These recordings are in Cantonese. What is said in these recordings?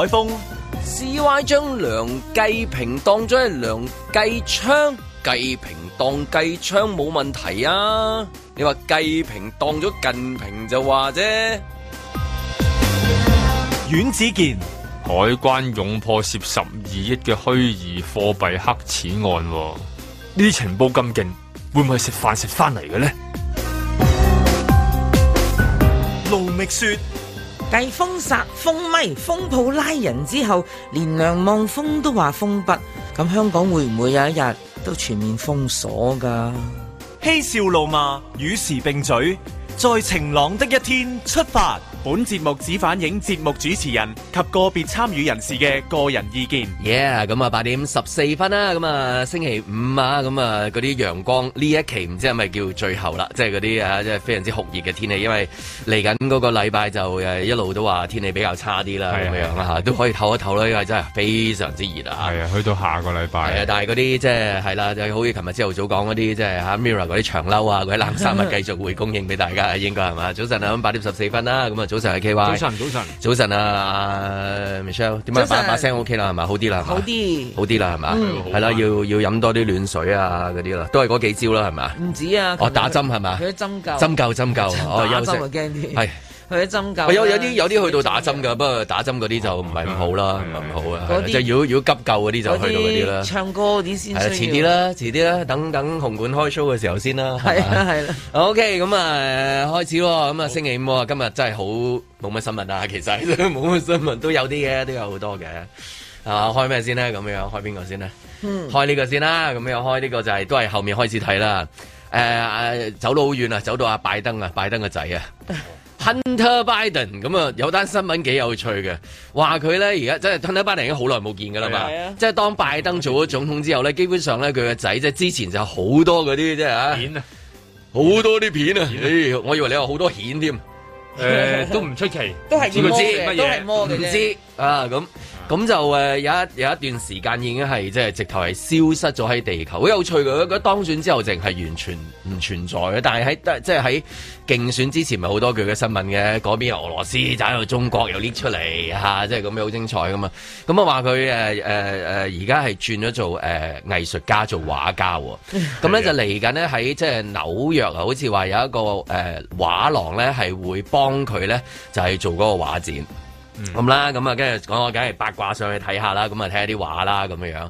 海峰，CY 將梁繼平當咗係梁繼昌，繼平當繼昌冇問題啊！你話繼平當咗近平就話啫。阮子健，海關勇破涉十二億嘅虛擬貨幣黑錢案，呢啲情報咁勁，會唔會係食飯食翻嚟嘅呢？盧覓雪。繼封殺、封咪、封鋪拉人之後，連梁望峰都話封筆，咁香港會唔會有一日都全面封鎖噶？嬉笑怒罵，與時並舉，在晴朗的一天出發。本節目只反映節目主持人及個別參與人士嘅個人意見。耶、yeah, 啊，咁啊八點十四分啦，咁啊星期五啊，咁啊嗰啲陽光呢一期唔知係咪叫最後啦，即係嗰啲啊即係非常之酷熱嘅天氣，因為嚟緊嗰個禮拜就誒一路都話天氣比較差啲啦，咁樣啦吓，都可以唞一唞啦，因為真係非常之熱啊。係啊，去到下個禮拜。係啊，但係嗰啲即係係啦，就好似琴日朝頭早講嗰啲即係吓，Mira 嗰啲長褸啊，嗰啲冷衫啊，繼續會供應俾大家，應該係嘛？早晨啊，咁八點十四分啦，咁啊。早晨，阿 K Y。早晨，早晨，早晨，早晨啊，Michelle，點解晨把，把聲 OK 啦，係咪？好啲啦，好啲，好啲啦，係嘛、嗯？係啦，要要飲多啲暖水啊，嗰啲啦，都係嗰幾招啦，係嘛？唔止啊，我、哦、打針係嘛？佢針，針灸，針灸，針我、哦、休息。啲、啊。針灸、啊有，有些有啲有啲去到打針噶，不過打針嗰啲就唔係咁好啦，唔係咁好啊的的，即係如果如果急救嗰啲就去到嗰啲啦。唱歌嗰啲先，係遲啲啦，遲啲啦，等等紅館開 show 嘅時候先啦。係啊，係啦。的 OK，咁、嗯、啊開始喎，咁啊星期五啊，今日真係好冇乜新聞啊，其實冇乜新聞都有啲嘅，都有好多嘅。啊，開咩先呢？咁樣開邊個先呢？嗯，開呢個先啦。咁樣開呢個就係、是、都係後面開始睇啦。誒、呃，走到好遠啊，走到阿拜登啊，拜登個仔啊。 Hunter Biden 咁啊，有單新聞幾有趣嘅，話佢咧而家即係 Hunter Biden 已經好耐冇見噶啦嘛，啊啊、即係當拜登做咗總統之後咧，基本上咧佢個仔即係之前就好多嗰啲即係啊片啊，好多啲片啊，咦，我以為你話好多片添，誒都唔出奇，都係 魔嘅，知都係魔唔知啊咁。咁就誒有一有一段時間已經係即係直頭係消失咗喺地球，好有趣嘅。佢當選之後，淨係完全唔存在嘅。但係喺即係喺競選之前，咪好多佢嘅新聞嘅。嗰邊俄羅斯，就喺度中國又拎出嚟嚇、啊，即係咁樣好精彩嘅嘛。咁啊話佢誒誒而家係轉咗做誒、呃、藝術家，做畫家喎。咁咧就嚟緊呢喺即係紐約啊，好似話有一個誒、呃、畫廊咧，係會幫佢咧就係、是、做嗰個畫展。咁、嗯、啦，咁啊，跟住講我梗係八卦上去睇下啦，咁啊，睇下啲畫啦，咁樣樣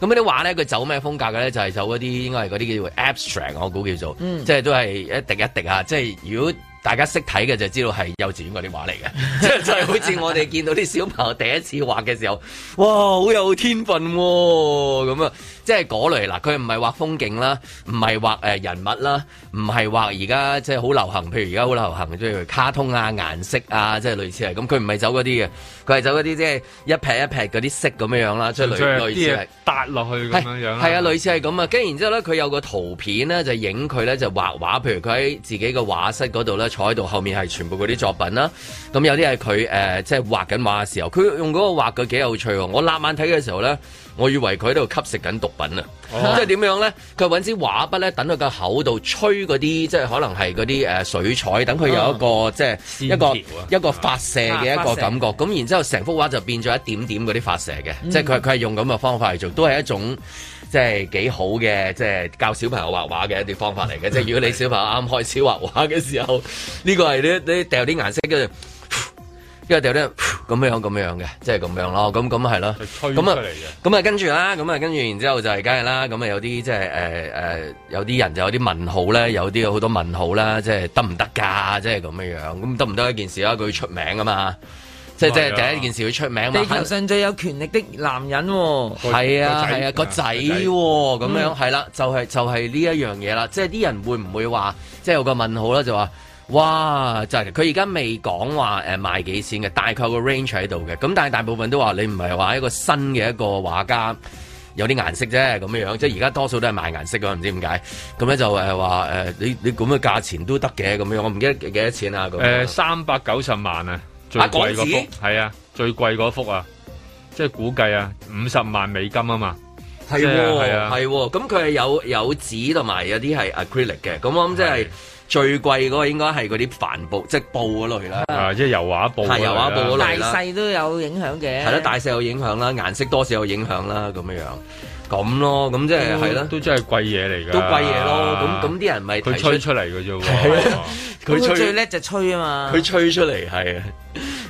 咁啲畫咧，佢走咩風格嘅咧？就係走嗰啲應該係嗰啲叫做 Abstract，我估叫做，嗯、即係都係一滴一滴嚇。即係如果大家識睇嘅，就知道係幼稚園嗰啲畫嚟嘅，即係 就好似我哋見到啲小朋友第一次畫嘅時候，哇，好有天分喎，咁啊！即係嗰類喇，佢唔係畫風景啦，唔係畫人物啦，唔係畫而家即係好流行，譬如而家好流行即係卡通啊、顏色啊，即係類似係咁。佢唔係走嗰啲嘅，佢係走嗰啲即係一撇一撇嗰啲色咁樣樣啦，即係類，類似係搭落去咁樣樣。係是啊，類似係咁啊，跟住然之後咧，佢有個圖片咧，就影佢咧就畫畫，譬如佢喺自己嘅畫室嗰度咧坐喺度，後面係全部嗰啲作品啦。咁、嗯、有啲係佢誒，即係畫緊畫嘅時候，佢用嗰個畫具幾有趣喎！我擸眼睇嘅時候咧，我以為佢喺度吸食緊毒品啊！哦、即係點樣咧？佢搵支畫筆咧，等佢個口度吹嗰啲，即係可能係嗰啲水彩，等佢有一個、哦、即係一個、啊、一個發射嘅一個感覺。咁、啊、然之後，成幅畫就變咗一點點嗰啲發射嘅，嗯、即係佢佢係用咁嘅方法嚟做，都係一種即係幾好嘅，即係教小朋友畫畫嘅一啲方法嚟嘅。 即係如果你小朋友啱開始畫畫嘅時候，呢、呢個係你你掉啲顏色因為有啲咁樣咁樣嘅，即係咁樣咯，咁咁係咯，咁啊，咁啊，跟住啦，咁啊，跟住，然之後就係梗係啦，咁啊，有啲即係誒誒，有啲人就有啲問號咧，有啲好多問號啦，即係得唔得噶？即係咁樣樣，咁得唔得一件事啦？佢出名㗎嘛，即即第一件事佢出名。地球上最有權力的男人，係啊係啊，個仔咁樣，係啦，就係就係呢一樣嘢啦，即係啲人會唔會話，即係有個問號啦，就話。哇！就係佢而家未講話誒賣幾錢嘅，大概個 range 喺度嘅。咁但係大部分都話你唔係話一個新嘅一個畫家，有啲顏色啫咁樣樣即係而家多數都係賣顏色嘅，唔知點解。咁咧就誒話、欸、你你咁嘅價錢都得嘅咁樣。我唔記得幾多錢啊？誒三百九十萬啊，最貴嗰幅係啊，最貴嗰幅啊，即係估計啊五十萬美金啊嘛。係喎係喎，咁佢係有有紙同埋有啲係 acrylic 嘅。咁我諗即係。最貴嗰個應該係嗰啲帆布，即係布嗰類啦。啊，即係油畫布。係油畫布嗰類。大細都有影響嘅。係啦，大細有影響啦，顏色多少有影響啦，咁樣樣。咁咯，咁即係係啦。都真係貴嘢嚟㗎。都貴嘢咯。咁咁啲人咪。佢吹出嚟㗎啫喎。佢、啊、吹。最叻就吹啊嘛。佢吹出嚟係啊。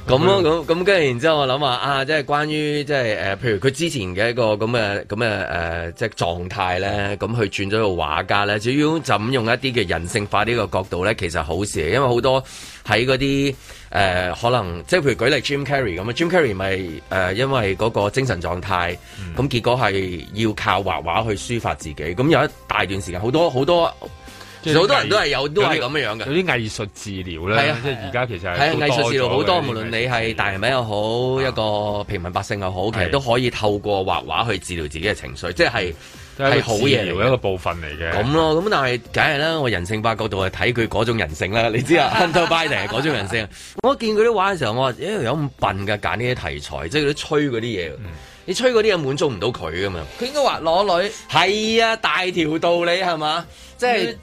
咁咯，咁咁跟住，然之後我諗話啊，即係關於即係誒、呃，譬如佢之前嘅一個咁嘅咁嘅即係狀態咧，咁佢轉咗做畫家咧，主要就用一啲嘅人性化呢個角度咧，其實好事，因為好多喺嗰啲誒，可能即係譬如舉例 Jim Carrey 咁啊，Jim Carrey 咪誒、呃，因為嗰個精神狀態，咁、嗯、結果係要靠畫畫去抒發自己，咁有一大段時間，好多好多。好多人都係有，都係咁樣樣嘅。有啲藝術治療咧，即係而家其實係藝術藝術治療好多，無論你係大人物又好，一個平民百姓又好，其實都可以透過畫畫去治療自己嘅情緒，即係係好嘢嘅一個部分嚟嘅。咁咯，咁但係，梗係啦，我人性化角度去睇佢嗰種人性啦。你知啊 Hunter Biden 嗰種人性。我見佢啲畫嘅時候，我話：有咁笨噶，揀呢啲題材，即係佢都吹嗰啲嘢。你吹嗰啲嘢滿足唔到佢噶嘛？佢應該畫攞女係啊，大條道理係嘛？即係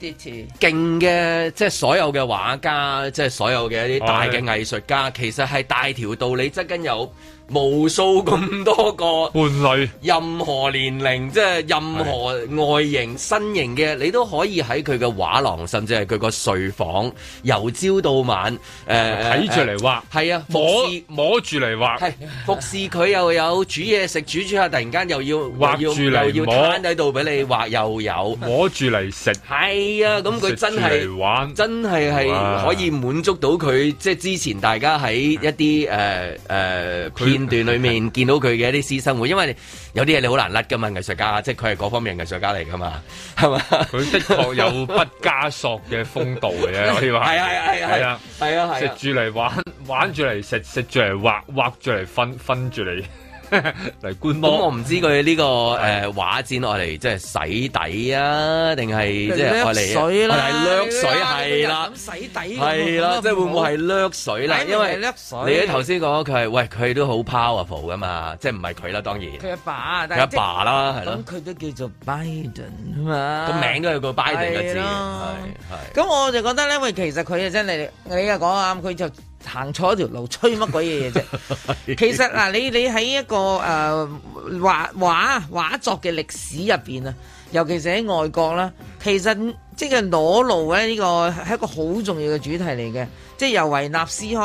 勁嘅，即係所有嘅畫家，即係所有嘅一啲大嘅藝術家，哎呀其實係大條道理，側跟有。無數咁多個伴侶，任何年齡，即係任何外形、身形嘅，你都可以喺佢嘅畫廊，甚至係佢個睡房，由朝到晚，誒睇住嚟畫，係啊，呃，摸摸住嚟畫，係服侍佢又有煮嘢食，煮煮下，突然間又要畫住嚟又要攤喺度俾你畫，又有摸住嚟食，係啊，咁佢真係真係係可以滿足到佢，即係之前大家喺一啲誒誒片段裏面見到佢嘅一啲私生活，因為有啲嘢你好難甩㗎嘛，藝術家即係佢係嗰方面藝術家嚟㗎嘛，係嘛？佢的確有畢加索嘅風度嘅啫，可以話係啊係啊係啊係啊係啊，食住嚟玩，玩住嚟食，食住嚟畫，畫住嚟分，分住嚟。嚟觀摩，我唔知佢呢個誒畫展落嚟即係洗底啊，定係即係愛嚟？掠水啦，係掠水係啦，洗底係啦，即係會唔會係掠水啦？因為你喺頭先講佢係喂，佢都好 powerful 噶嘛，即係唔係佢啦，當然佢阿爸，佢阿爸啦，係咯，咁佢都叫做拜登啊嘛，個名都有個拜登嘅字，係係。咁我就覺得咧，因為其實佢真係，你依家講啱，佢就。行錯一條路，吹乜鬼嘢嘢啫？ 其實嗱，你你喺一個誒、呃、畫畫畫作嘅歷史入面，啊，尤其是喺外國啦，其實即係裸露咧，呢、呢個係一個好重要嘅主題嚟嘅。即係由維納斯開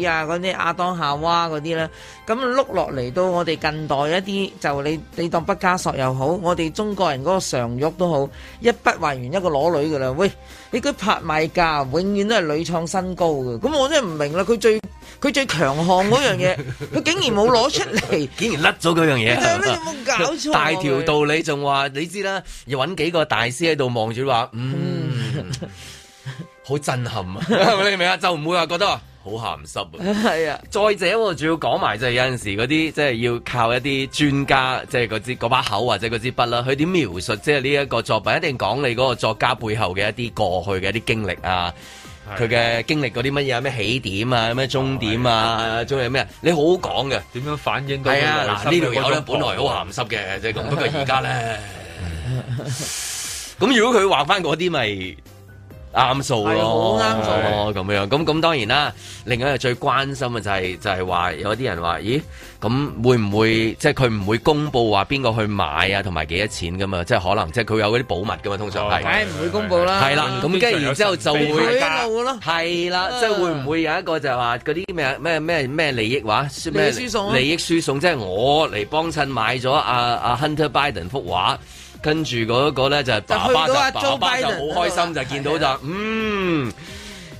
始啊，嗰啲亞當夏娃嗰啲啦，咁碌落嚟到我哋近代一啲，就你你當畢加索又好，我哋中國人嗰個常玉都好，一筆畫完一個裸女噶啦，喂，你佢拍賣價永遠都係屢創新高噶，咁我真係唔明啦，佢最佢最強項嗰樣嘢，佢 竟然冇攞出嚟，竟然甩咗嗰樣嘢，有冇搞錯？大條道理仲話，你知啦，要揾幾個大師喺度望住話，嗯。 好震撼啊！你明唔明啊？就唔會話覺得好鹹濕啊！係啊！再者，我仲要講埋，即係有陣時嗰啲，即係要靠一啲專家，即係嗰支嗰把口或者嗰支筆啦。佢點描述，即係呢一個作品，一定講你嗰個作家背後嘅一啲過去嘅一啲經歷啊，佢嘅經歷嗰啲乜嘢咩起點啊，咩終點啊，仲有咩？你好講嘅，點樣反映到？嗱，呢度有啲本來好鹹濕嘅，即係咁。不過而家咧，咁如果佢話翻嗰啲咪。啱數咯，好啱數咯，咁樣咁咁當然啦。另外一個最關心嘅就係就係話有啲人話，咦，咁會唔會即係佢唔會公佈話邊個去買啊，同埋幾多錢噶嘛？即係可能即係佢有嗰啲保密噶嘛，通常係唔會公佈啦。係啦，咁跟住然之後就會係啦，即係會唔會有一個就係話嗰啲咩咩咩咩利益話輸送？利益輸送，即係我嚟幫襯買咗阿阿 Hunter Biden 幅畫。跟住嗰個咧就係爸爸就，就爸爸就好開心了就見到就的嗯。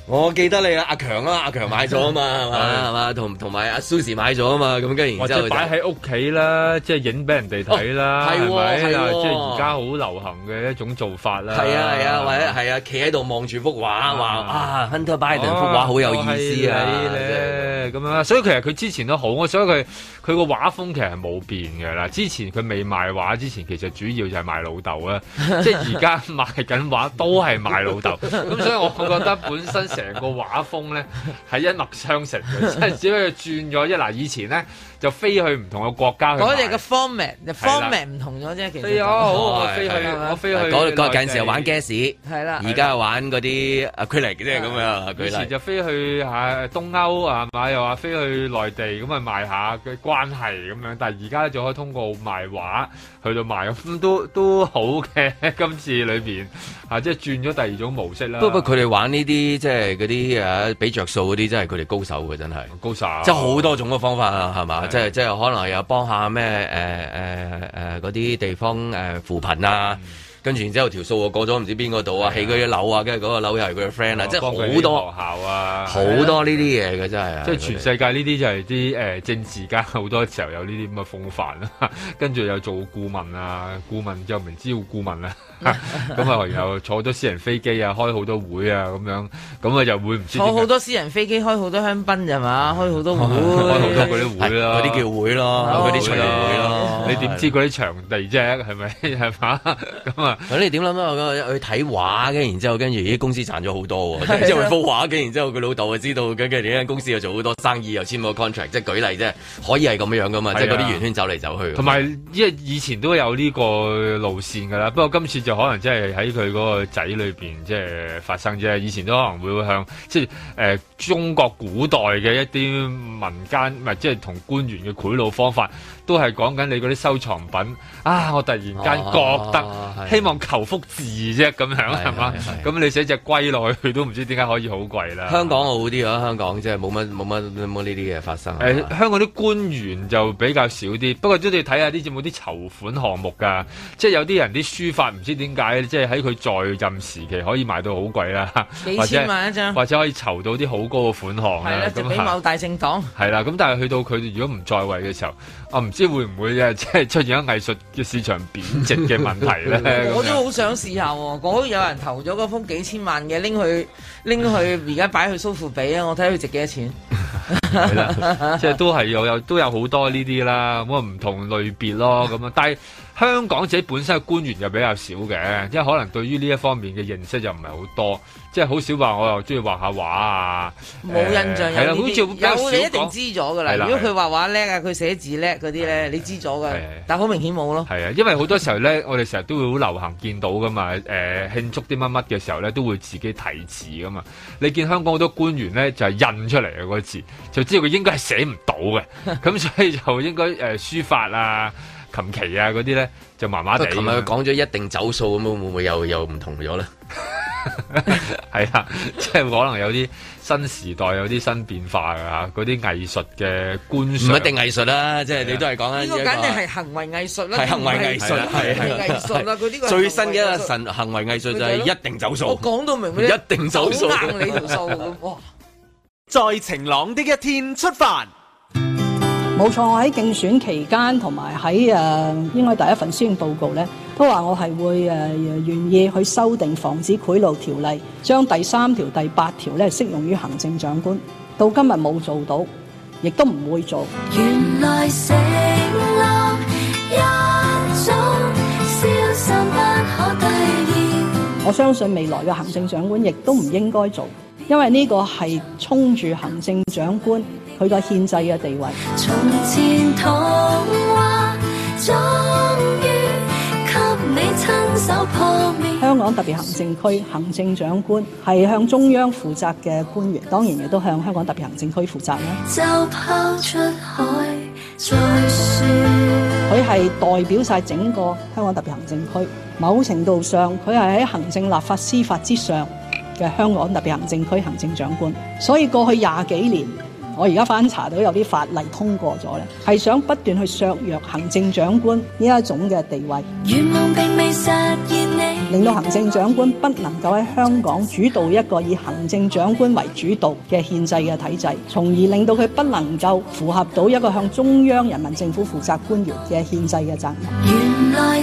我記得你啦，阿強啊阿強買咗啊嘛，係嘛，係嘛，同同埋阿 Susie 買咗啊嘛，咁跟住然之後擺喺屋企啦，即係影俾人哋睇啦，係咪？即係而家好流行嘅一種做法啦。係啊係啊，或者係啊，企喺度望住幅畫話啊，Hunter Biden 幅畫好有意思啊啲咁樣。所以其實佢之前都好我所以佢佢個畫風其實冇變嘅啦。之前佢未賣畫之前，其實主要就係賣老豆啦。即係而家賣緊畫都係賣老豆。咁所以我覺得本身。成個畫風咧係一脈相承，即係只不過轉咗一嗱。以前咧就飛去唔同嘅國家去賣。嗰隻嘅 format，format 唔同咗啫。其實飛好，我飛去，我飛去。我嗰陣時又玩 gas，係啦。而家玩嗰啲 acrylic 啫咁樣。以前就飛去嚇東歐啊嘛，又話飛去內地咁啊賣下嘅關係咁樣。但係而家咧就可以通過賣畫去到賣咁都都好嘅。今次裏邊啊，即係轉咗第二種模式啦。不過佢哋玩呢啲即係。誒嗰啲誒俾着數，嗰啲，啊，真係佢哋高手嘅，真係高手。即係好多種嘅方法，呃呃呃方呃，啊，係嘛、嗯？即係即係可能又幫下咩誒誒誒，嗰啲地方誒扶貧啊。跟住然之後條數過咗唔知邊個度啊，起嗰一樓啊，跟住嗰個樓又係佢嘅 friend 啊，即係好多學校啊，好多呢啲嘢嘅真係。即係全世界呢啲就係啲誒政治家好多時候有呢啲咁嘅風範啊，跟住又做顧問啊，顧問又唔知要顧問啊，咁啊唯有坐多私人飛機啊，開好多會啊咁樣，咁啊又會唔知坐好多私人飛機開好多香檳啫嘛，開好多會開好多嗰啲會啦，嗰啲叫會咯，嗰啲聚會咯，你點知嗰啲場地啫係咪係嘛咁啊？咁你點諗啊？佢去睇畫嘅，然之後跟住啲公司賺咗好多，即係幅畫嘅，然之後佢老豆就知道，跟住你間公司又做好多生意，又簽咗個 contract，即係舉例啫，可以係咁樣樣噶嘛？的即係嗰啲圓圈走嚟走去。同埋，因為以前都有呢個路線噶啦，不過今次就可能即係喺佢嗰個仔裏邊即係發生啫。以前都可能會向即係誒、呃、中國古代嘅一啲民間，唔、呃、係即係同官員嘅賄賂方法，都係講緊你嗰啲收藏品啊！我突然間覺得希望。啊望求福字啫，咁樣係嘛？咁你寫隻龜落去，佢都唔知點解可以好貴啦。香港好啲啊，香港即係冇乜冇乜冇呢啲嘢發生。誒、欸，香港啲官員就比較少啲，不過都要睇下啲咁冇啲籌款項目噶，即係有啲人啲書法唔知點解，即係喺佢在任時期可以賣到好貴啦，幾千萬一張，或者可以籌到啲好高嘅款項啦。咁啊，嗯、就俾某大政黨。係啦，咁但係去到佢如果唔在位嘅時候，我唔知會唔會即係出現咗藝術嘅市場貶值嘅問題咧。我都好想試下喎！如果有人投咗嗰封幾千萬嘅，拎去拎去而家擺去蘇富比啊，我睇佢值幾多錢？ 即係都係有有都有好多呢啲啦，咁啊唔同類別咯，咁啊但係香港自己本身嘅官員又比較少嘅，即係可能對於呢一方面嘅認識又唔係好多。即係好少話，我又中意畫下畫啊！冇印象，有啦，好似有你一定知咗噶啦。如果佢畫畫叻啊，佢寫字叻嗰啲咧，你知咗㗎！但係好明顯冇咯。係啊，因為好多時候咧，我哋成日都會好流行見到噶嘛。誒，慶祝啲乜乜嘅時候咧，都會自己提字噶嘛。你見香港好多官員咧，就係印出嚟嘅嗰字，就知道佢應該係寫唔到嘅。咁所以就應該誒書法啊、琴棋啊嗰啲咧，就麻麻哋，咁佢講咗一定走數咁，會唔會又又唔同咗咧？係啦，即係可能有啲新時代有啲新變化噶嗰啲藝術嘅觀唔一定藝術啦，即係你都係講緊呢個。呢個肯定係行為藝術啦，行為藝術係藝術啦，佢呢個最新嘅神行為藝術就係一定走數。我講到明，一定走數，好壓你條數哇！在晴朗的一天出發。冇錯，我喺競選期間，同埋喺誒，應該第一份施政報告咧，都話我係會誒，願意去修訂防止賄賂條例，將第三條、第八條咧，適用於行政長官。到今日冇做到，亦都唔會做。原來承諾一早消失不可兌現。我相信未來嘅行政長官亦都唔應該做。因為呢個係衝住行政長官佢個憲制嘅地位。破香港特別行政區行政長官係向中央負責嘅官員，當然亦都向香港特別行政區負責啦。就拋出海再説，佢係代表晒整個香港特別行政區。某程度上，佢係喺行政、立法、司法之上。嘅香港特別行政區行政長官，所以過去廿幾年，我而家翻查到有啲法例通過咗咧，係想不斷去削弱行政長官呢一種嘅地位，令到行政長官不能夠喺香港主導一個以行政長官為主導嘅憲制嘅體制，從而令到佢不能夠符合到一個向中央人民政府負責官員嘅憲制嘅責任。原來。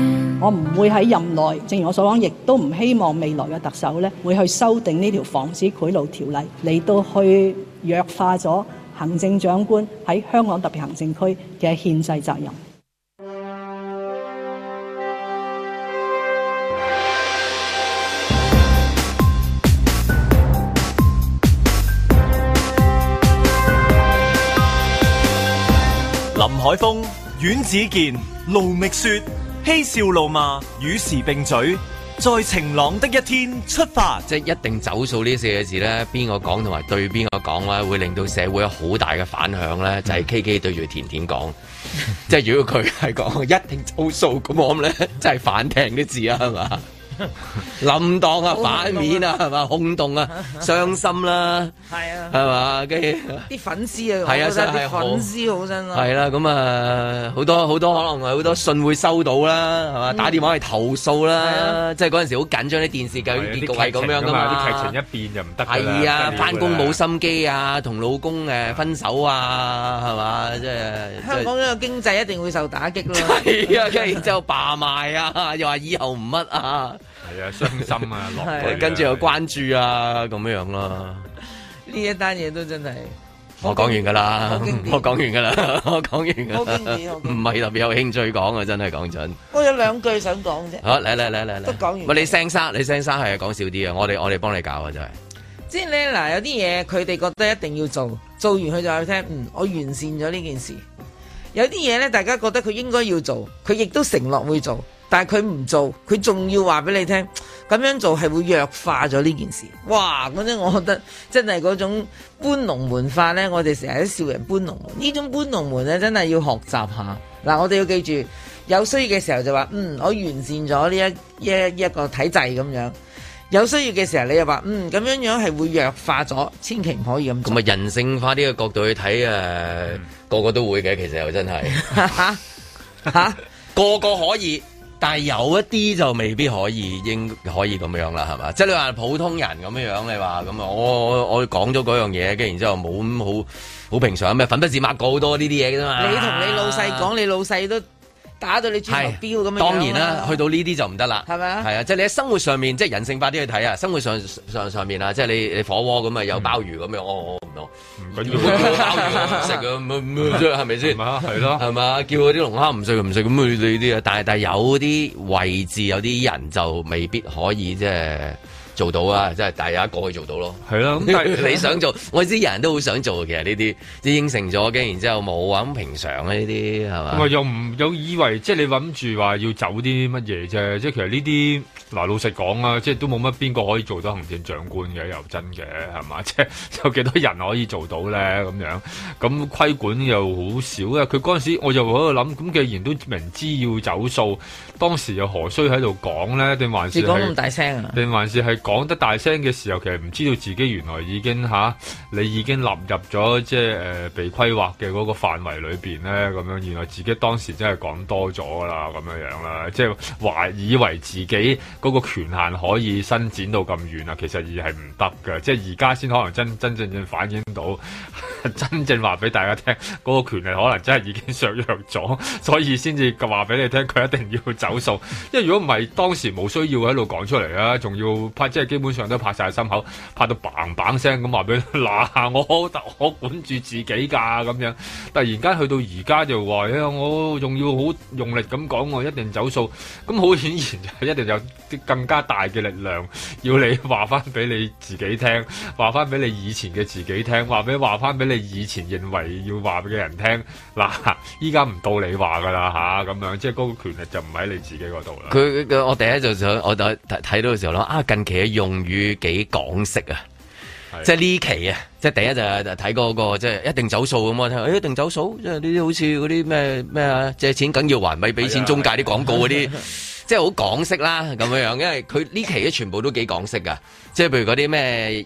我唔會喺任內，正如我所講，亦都唔希望未來嘅特首咧，會去修訂呢條防止賄賂條例，嚟到去弱化咗行政長官喺香港特別行政區嘅憲制責任。林海峰、阮子健、盧覓雪。嬉笑怒罵與時並舉，在晴朗的一天出發。即係一定走數呢四個字咧，邊個講同埋對邊個講咧，會令到社會有好大嘅反響咧。就係、是、K K 對住甜甜講， 即係如果佢係講一定走數咁樣咧，真係反艇啲字啊，係嘛？林蕩啊，反面啊，係嘛，轟動啊，傷心啦，係啊，係嘛，跟住啲粉絲啊，係啊，真係粉絲好傷心咯，係啦，咁啊，好多好多可能係好多信會收到啦，係嘛，打電話去投訴啦，即係嗰陣時好緊張啲電視劇結局係咁樣噶嘛，啲劇情一變就唔得啦，係啊，翻工冇心機啊，同老公誒分手啊，係嘛，即係香港呢個經濟一定會受打擊咯，係啊，跟住然之後霸賣啊，又話以後唔乜啊。係傷心啊，落跟住又關注啊，咁樣樣咯。呢一單嘢都真係，我講完噶啦，我講完噶啦，我講完噶啦，唔係特別有興趣講啊，真係講真。我有兩句想講啫。好，嚟嚟嚟嚟嚟，講完。喂，你聲生，你聲生係講少啲啊！我哋我哋幫你搞啊，真係。即係咧嗱，有啲嘢佢哋覺得一定要做，做完佢就去聽，嗯，我完善咗呢件事。有啲嘢咧，大家覺得佢應該要做，佢亦都承諾會做。但係佢唔做，佢仲要話俾你聽，咁樣做係會弱化咗呢件事。哇！嗰陣我覺得真係嗰種搬龍門法呢，我哋成日都笑人搬龍門。呢種搬龍門呢，真係要學習下。嗱，我哋要記住，有需要嘅時候就話，嗯，我完善咗呢一一一個體制咁樣。有需要嘅時候，你又話，嗯，咁樣樣係會弱化咗，千祈唔可以咁。咁啊，人性化呢個角度去睇，誒、啊，個個都會嘅，其實又真係，吓吓、 啊，個個可以。但係有一啲就未必可以，應該可以咁樣啦，係嘛？即係你話普通人咁樣，你話咁啊，我我我講咗嗰樣嘢，跟然之後冇咁好好平常，咩粉筆字抹過好多呢啲嘢嘅啫嘛。你同你老細講，你老細都。打到你住目標咁樣，啊，當然啦，啊，去到呢啲就唔得啦，係咪吧啊？係啊，即係你喺生活上面，即係人性化啲去睇啊，生活上上上面啊，即係你你火鍋咁啊，有鮑魚咁樣，嗯、我我唔攞，食啊，咩咩啫，係咪先？係咯，係咪？ 叫嗰啲龍蝦唔食唔食咁，你你啲啊，但係但係有啲位置有啲人就未必可以即係。做到啊！即係大家有一個去做到咯，係咯。咁 你想做，我知人都好想做。其實呢啲啲應承咗嘅，然後之後冇啊。咁平常呢啲係嘛？我又唔有以為即係你諗住話要走啲乜嘢啫。即係其實呢啲嗱，老實講啊，即係都冇乜邊個可以做到行政長官嘅，又真嘅係嘛？即係有幾多人可以做到咧？咁樣咁規管又好少啊。佢嗰陣時我就喺度諗：咁既然都明知要走數，當時又何須喺度講咧？定還是？你講咁大聲啊？定還是係講得大聲嘅時候，其實唔知道自己原來已經嚇你已經納入咗即係、呃、被規劃嘅嗰個範圍裏邊咧，咁樣原來自己當時真係講多咗啦，咁樣樣啦，即係話以為自己嗰個權限可以伸展到咁遠啊，其實而係唔得嘅。即係而家先可能真真正正反映到，真正話俾大家聽嗰、個權力可能真係已經削弱咗，所以先至話俾你聽佢一定要走數，因為如果唔係當時冇需要喺度講出嚟啦，仲要基本上都拍晒心口，拍到嘭嘭聲咁話俾，嗱、啊、我我管住自己㗎咁樣，突然間去到而家就話，誒、哎、我仲要好用力咁講，我一定走數，咁好顯然就一定有啲更加大嘅力量要你話翻俾你自己聽，話翻俾你以前嘅自己聽，話俾話翻俾你以前認為要話俾嘅人聽嗱，依家唔到你話㗎啦嚇，咁、啊、樣即係個權力就唔喺你自己嗰度啦。佢我第一就想，我就睇到嘅時候咯啊近期。嘅用語幾港式啊！是的 即係呢期啊，即係第一就睇嗰、那個即係、就是、一定走數咁啊！誒、欸，一定走數，即係呢啲好似嗰啲咩咩啊，借錢梗要還，咪俾錢中介啲廣告嗰啲，是是即係好港式啦咁樣樣。因為佢呢期咧全部都幾港式噶，即係譬如嗰啲咩。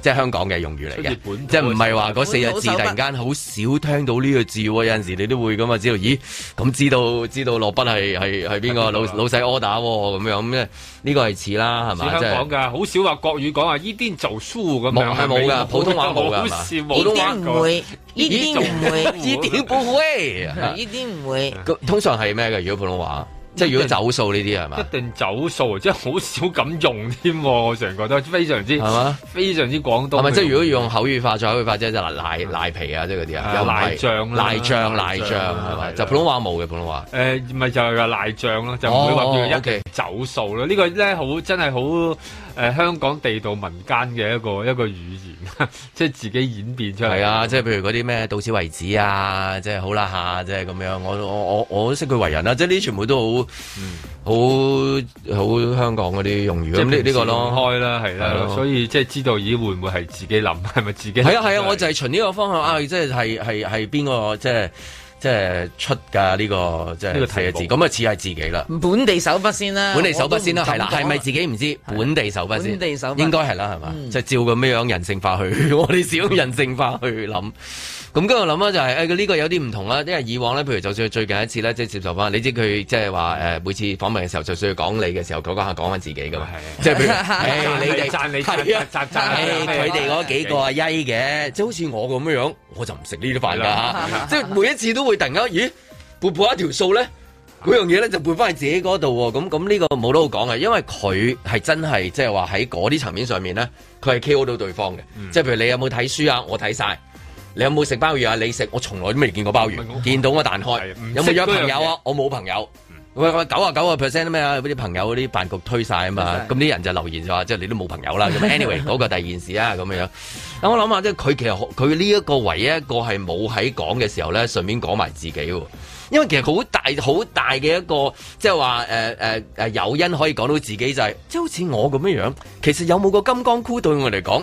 即係香港嘅用語嚟嘅，即係唔係話嗰四個字突然間好少聽到呢個字喎？有陣時你都會咁啊，知道？咦，咁知道知道落筆係係係邊個老老細 order 咁樣咁咧？呢個係似啦，係嘛？香港㗎，好少話國語講話呢啲就輸咁樣，冇係冇㗎，普通話冇㗎普通啲唔會，呢啲唔會，呢啲唔會，呢啲唔會。通常係咩嘅？如果普通話？即係如果走數呢啲係嘛？一定走數，即係好少噉用添，我成日覺得非常之係嘛，非常之廣東。係咪即係如果要用口語化，再口語化即係即係賴賴皮啊，即係嗰啲啊，有賴醬啦，賴醬賴醬，係咪？就普通話冇嘅普通話。誒，咪就係話賴醬咯，就唔會話叫人走數咯。呢個咧好真係好。誒、呃，香港地道民間嘅一個一個語言，呵呵即係自己演變出嚟。係啊，即係譬如嗰啲咩到此為止啊，即係好啦嚇、啊，即係咁樣。我我我我都識佢為人啦、啊，即係呢啲全部都好，好好、嗯、香港嗰啲用語。咁呢呢個咯，開啦係啦。啊、所以即係知道咦會唔會係自己諗，係咪、啊、自己諗？係啊係啊，我就係循呢個方向啊，即係係係邊個即係。即係出噶呢個，即係呢個題字，咁啊似係自己啦，啦。是是己是啊、本地手筆先首啦，本地手筆先啦，係啦，係咪自己唔知？本地手筆先，本地手筆應該係啦，係嘛？即係照咁咩樣人性化去， 我哋少人性化去諗。咁跟住我諗啦，就係誒，呢個有啲唔同啦，因為以往咧，譬如就算最近一次咧，即係接受翻，你知佢即係話誒，每次訪問嘅時候，就算佢講你嘅時候，講講下講翻自己噶嘛，即係譬如誒，你哋讚你，讚讚，佢哋嗰幾個阿姨嘅，即係好似我咁樣樣，我就唔食呢啲飯噶，即係每一次都會突然間咦，撥撥一條數咧，嗰樣嘢咧就撥翻去自己嗰度喎，咁咁呢個冇得好講啊，因為佢係真係即係話喺嗰啲層面上面咧，佢係 K O 到對方嘅，即係譬如你有冇睇書啊？我睇晒。你有冇食鮑魚啊？你食，我從來都未見過鮑魚，見到我彈開。有冇約朋友啊？行我冇朋友。喂喂、嗯，九啊九個 percent 咩啊？俾啲朋友嗰啲飯局推晒啊嘛。咁啲的人就留言就話，即係你都冇朋友啦。咁 Anyway，嗰個第二件事啊，咁樣樣。咁我諗下，即係佢其實佢呢一個唯一一個係冇喺講嘅時候咧，順便講埋自己、啊。因為其實好大好大嘅一個，即係話誒誒誒，有因可以講到自己就係、是，即係好似我咁樣樣。其實有冇個金剛箍對我嚟講？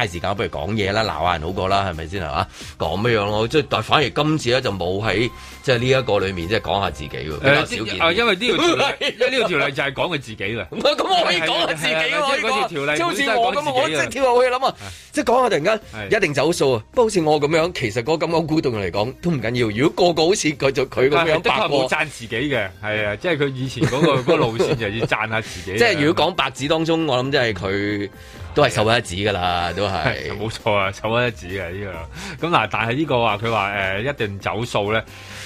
時間不如講嘢啦，鬧下人好過啦，係咪先係嘛？講咩樣咯？即係但反而今次咧就冇喺即係呢一個裏面即係講下自己嘅，比較少見。啊，因為呢條條例，呢條條例就係講佢自己嘅。咁我可以講下自己可好似我咁我即係跳下去諗啊，即係講下突然間，一定走數啊！不過好似我咁樣，其實嗰個咁樣鼓動嚟講都唔緊要。如果個個好似佢做佢咁樣白話，都係冇讚自己嘅。係啊，即係佢以前嗰個路線就要讚下自己。即係如果講白紙當中，我諗即係佢。都係受咗一指噶啦，都係係冇 錯啊，受咗一指㗎呢、呢個咁嗱， 但係呢、呢個話佢話誒一定走數咧，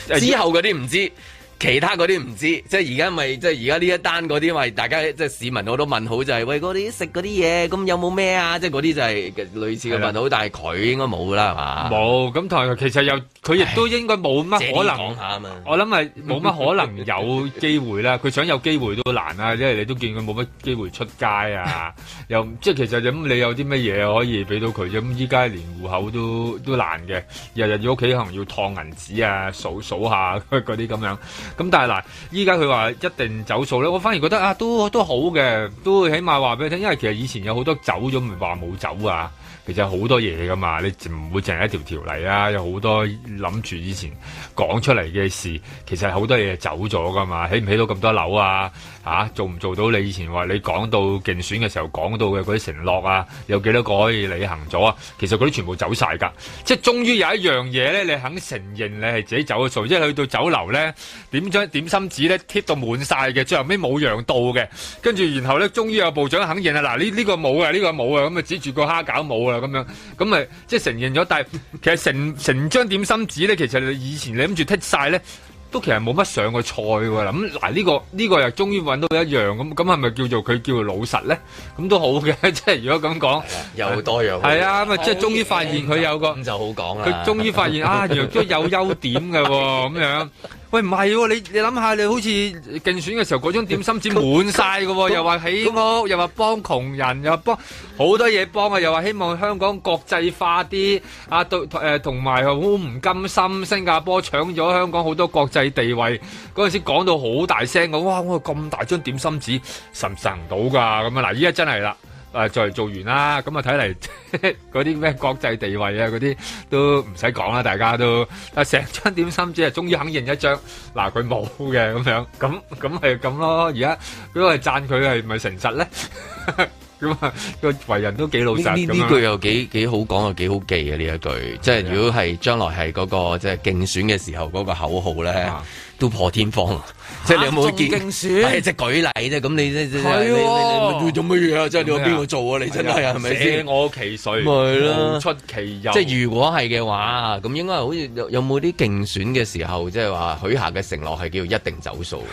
之後嗰啲唔知。其他嗰啲唔知，即係而家咪即係而家呢一單嗰啲咪大家即係市民我都問好，就係、是、喂嗰啲食嗰啲嘢咁有冇咩啊？即係嗰啲就係類似嘅問號，是的 但係佢應該冇啦，係嘛？冇咁同，其實又佢亦都應該冇乜可能。下我諗係冇乜可能有機會啦。佢 想有機會都難啊，因為你都見佢冇乜機會出街啊。 又即係其實咁，你有啲乜嘢可以俾到佢啫？咁依家連戶口都都難嘅，日日要屋企可能要燙銀紙啊，數數下嗰啲咁樣。咁但係啦，而家佢話一定走數咧，我反而覺得啊，都都好嘅，都會起碼話俾你聽，因為其實以前有好多走咗，唔話冇走啊。其實好多嘢㗎嘛，你唔會淨係一條條例啊，有好多諗住以前講出嚟嘅事，其實好多嘢走咗㗎嘛，起唔起到咁多樓啊？啊做唔做到你以前話你講到競選嘅時候講到嘅嗰啲承諾啊？有幾多個可以履行咗啊？其實嗰啲全部走晒㗎，即係終於有一樣嘢咧，你肯承認你係自己走咗數，即係去到酒樓咧，點張點心紙咧貼到滿晒嘅，最後尾冇樣到嘅，跟住然後咧，終於有部長肯認啊！嗱，呢、呢、呢個冇啊，呢、呢個冇啊，咁啊指住個蝦餃冇啊！咁咁咪即係承認咗。但係其實成成張點心紙咧，其實以前你諗住剔晒咧，都其實冇乜上過、這個菜㗎啦。咁嗱呢個呢個又終於搵到一樣咁，咁係咪叫做佢叫做老實咧？咁都好嘅，即係如果咁講，有多樣係啊，咁啊即係終於發現佢有個咁就好講啦。佢終於發現啊，都有優點嘅喎，咁 樣。喂，唔係喎，你你諗下，你好似競選嘅時候，嗰張點心紙滿晒㗎喎，又話起屋，又話幫窮人，又話幫好多嘢幫啊，又話希望香港國際化啲，啊對，誒同埋好唔甘心，新加坡搶咗香港好多國際地位，嗰陣時講到好大聲嘅，哇！我咁大張點心紙成唔成到㗎？咁啊，嗱，依家真係啦。誒、啊、再嚟做完啦，咁啊睇嚟嗰啲咩國際地位啊，嗰啲都唔使講啦，大家都啊成張點心紙啊，終於肯認一張，嗱佢冇嘅咁樣，咁咁係咁咯，而家如果我讚佢係咪誠實咧？呵呵咁個為人都幾老實。呢句又幾好講又幾好記啊！呢一句，即係如果係將來係嗰個即係競選嘅時候嗰個口號咧，都破天荒。即係你有冇見？競選即係舉例啫。咁你你你你做乜嘢啊？即係你有邊個做啊？你真係係咪先？我其誰？出其右。即係如果係嘅話，咁應該好似有有冇啲競選嘅時候，即係話許下嘅承諾係叫一定走數。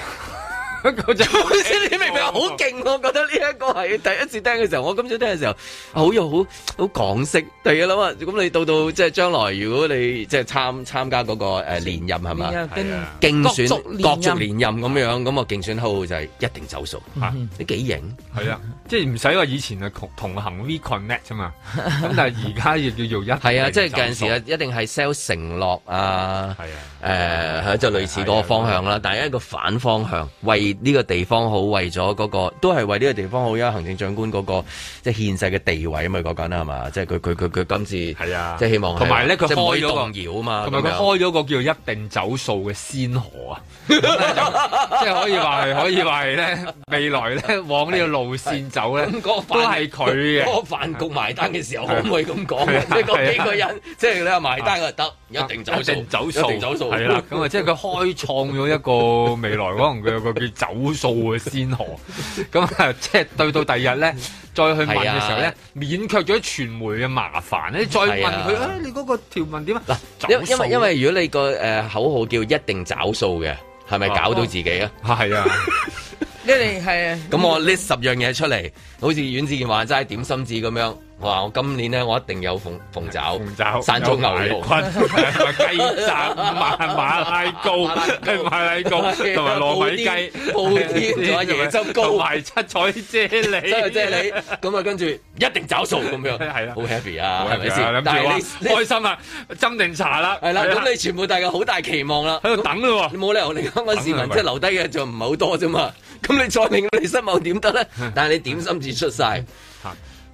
佢就先，你明明好勁，我覺得呢一個係第一次聽嘅時候，我今次聽嘅時候，好有好好港式。第二諗啊，咁你到到即係將來，如果你即係參參加嗰個誒連任係嘛，係啊，競選，角逐連任咁樣，咁啊競選號就係一定走數。吓，你幾型？係啊，即係唔使話以前啊同同行 WeConnect 啫嘛。咁但係而家要叫做一係啊，即係有陣時啊，一定係 sell 承諾啊，係啊，誒，係啊，即類似嗰個方向啦。但係一個反方向為。呢個地方好，為咗嗰個都係為呢個地方好啊！因為行政長官嗰個即係憲制嘅地位啊嘛，講緊啦係嘛？即係佢佢佢佢今次即係希望同埋咧，佢開咗個橋啊嘛，同埋佢開咗個叫一定走數嘅先河啊！即係可以話係，可以話係咧未來咧往呢個路線走咧，都係佢嘅。嗰飯局埋單嘅時候可唔可以咁講？即係嗰幾個人即係你話埋單就得一定走數，一定走數，一定走數係啦。咁啊，即係佢開創咗一個未來，可能佢有個叫。 走數嘅先河，咁 啊，即、就、係、是、對到第二日咧， 再去問嘅時候咧，是啊、免卻咗傳媒嘅麻煩。你再問佢咧是、啊啊，你嗰個條文點啊？嗱喇素，因因為因為如果你個誒口號叫一定找數嘅，係咪搞到自己啊？係啊，一定係啊。咁、啊、 我拎十樣嘢出嚟，好似阮志健話齋點心紙咁樣。我話我今年咧，我一定有鳳鳳爪、山草牛肉乾、雞扎、馬馬拉糕、馬拉糕，同埋糯米雞、布甸，仲有椰汁糕同埋七彩啫喱。啫喱咁啊，跟住一定找數咁樣，係啦，好 happy 啊，係咪先？但係你開心啊？斟定茶啦，係啦。咁你全部帶個好大期望啦，喺度等啦喎，冇理由你香港市民即係留低嘅就唔係好多啫嘛。咁你再令你失望點得咧？但係你點心至出晒。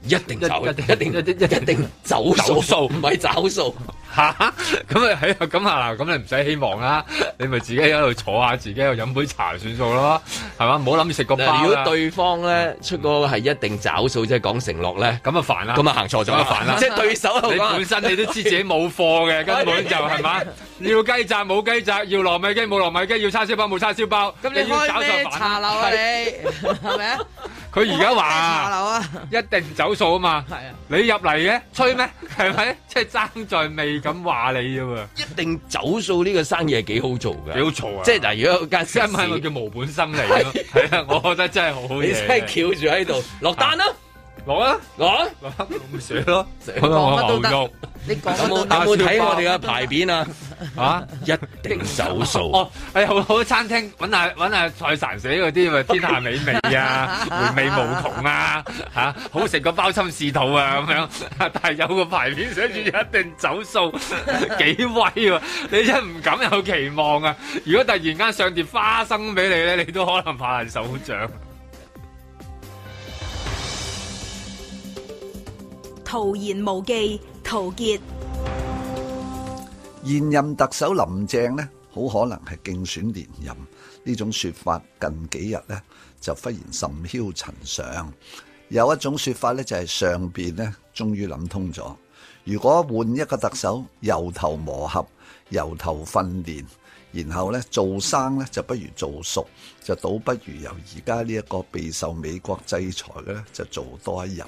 一定走，一定一定一定走數，走數唔係找數。咁啊喺啊，咁啊嗱，咁你唔使希望啦，你咪自己喺度坐下，自己喺度飲杯茶算數咯，係嘛？唔好諗住食個包啦。如果對方咧出個係一定找數，即係講承諾咧，咁啊煩啦，咁啊行錯咗就煩啦。即係對手。你本身你都知自己冇貨嘅，根本就係嘛？要雞扎冇雞扎，要糯米雞冇糯米雞，要叉燒包冇叉燒包。咁你開咩茶樓啊你？係咪啊？佢而家話啊，一定走數啊嘛，你入嚟嘅，吹咩？係咪？即係爭在未咁話你啫喎。一定走數呢個生意係幾好做㗎？幾好嘈啊！即係嗱，如果有間生意叫無本生利咯，係 啊，我覺得真係好好嘅。你真係翹住喺度落單啊！講啊，講，黑龍水咯，講乜都得。你講乜都得。有冇有冇睇我哋嘅牌匾啊？嚇，一定走數。哦，誒，好，好多餐廳揾下揾下菜神寫嗰啲咪天下美味啊，回味無窮啊，嚇，好食過包心士肚啊咁樣。但係有個牌匾寫住一定走數，幾威喎？你真係唔敢有期望啊！如果突然間上碟花生俾你咧，你都可能拍爛手掌。徒然無忌，陶傑。現任特首林鄭呢，好可能係競選連任呢種說法，近幾日呢，就忽然甚囂塵上。有一種說法呢，就係上邊呢，終於諗通咗，如果換一個特首，由頭磨合，由頭訓練，然後呢，做生呢，就不如做熟，就倒不如由而家呢一個備受美國制裁嘅呢，就做多一任。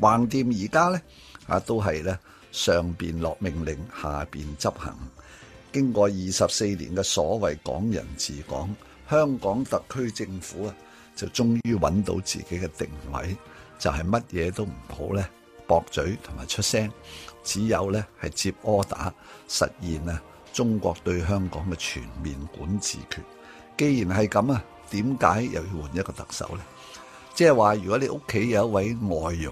橫掂而家咧，啊，都係咧上邊落命令，下邊執行。經過二十四年嘅所謂「港人治港」，香港特區政府啊，就終於揾到自己嘅定位，就係乜嘢都唔好咧，駁嘴同埋出聲，只有咧係接 order 實現啊中國對香港嘅全面管治權。既然係咁啊，點解又要換一個特首咧？即係話如果你屋企有一位外傭。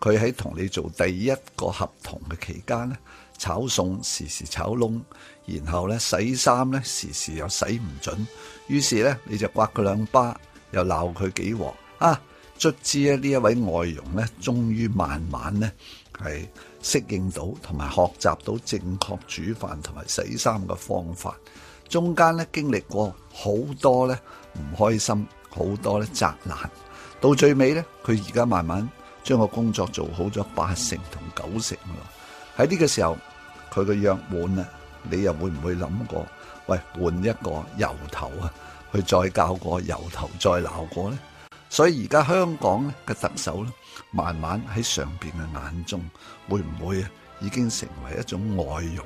佢喺同你做第一個合同嘅期間咧，炒餸時時炒窿，然後咧洗衫咧時時又洗唔準，於是咧你就刮佢兩巴，又鬧佢幾鑊啊！卒之咧呢一位外傭咧，終於慢慢咧係適應到同埋學習到正確煮飯同埋洗衫嘅方法。中間咧經歷過好多咧唔開心，好多咧責難，到最尾咧佢而家慢慢將個工作做好咗八成同九成喺呢個時候佢個約滿啦，你又會唔會諗過？喂，換一個由頭啊，去再教過由頭，再鬧過呢？所以而家香港呢嘅特首呢，慢慢喺上邊嘅眼中，會唔會啊已經成為一種外容？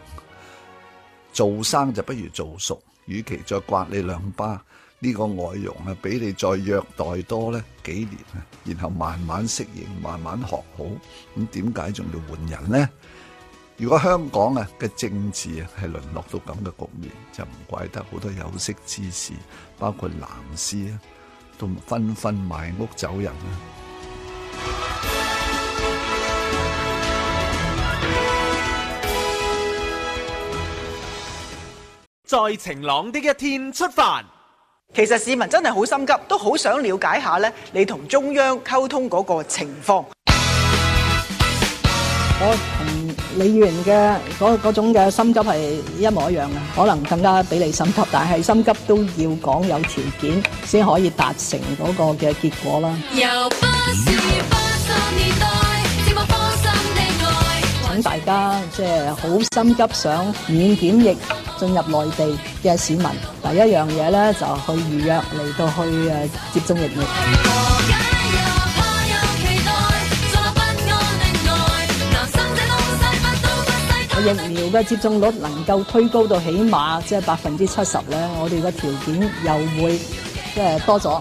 做生就不如做熟，與其再刮你兩巴。呢個外傭啊，畀你再虐待多咧幾年啊，然後慢慢適應，慢慢學好。咁點解仲要換人呢？如果香港啊嘅政治啊係淪落到咁嘅局面，就唔怪得好多有識之士，包括藍絲啊，都紛紛賣屋走人啦。在晴朗的一天出發。其實市民真係好心急，都好想了解下咧，你同中央溝通嗰個情況。我同李議員嘅嗰嗰種嘅心急係一模一樣嘅，可能更加比你心急，但係心急都要講有條件先可以達成嗰個嘅結果啦。等大家即係好心急想免檢疫進入內地嘅市民，第一樣嘢咧就去預約嚟到去誒接種疫苗。 疫苗嘅接種率能夠推高到起碼即係百分之七十咧，我哋嘅條件又會即係多咗。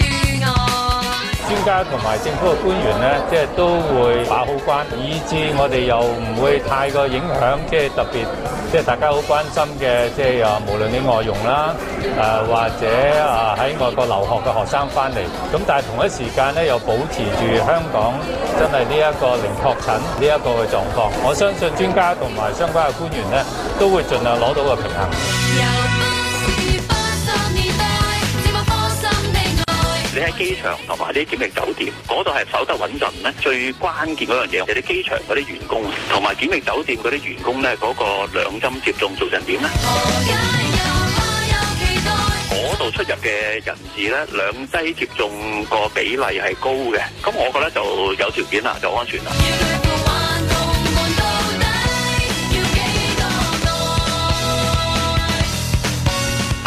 專家同埋政府嘅官員咧，即係都會把好關，以至我哋又唔會太過影響，即係特別，即係大家好關心嘅，即係又無論你外傭啦，誒、啊、或者啊喺外國留學嘅學生翻嚟，咁但係同一時間咧又保持住香港真係呢一個零確診呢一個嘅狀況，我相信專家同埋相關嘅官員咧都會盡量攞到個平衡。機場同埋啲檢疫酒店，嗰度係守得穩陣咧，最關鍵嗰樣嘢係啲機場嗰啲員工，同埋檢疫酒店嗰啲員工咧，嗰個兩針接種做成點咧？嗰度出入嘅人士咧，兩劑接種個比例係高嘅，咁我覺得就有條件啦，就安全啦。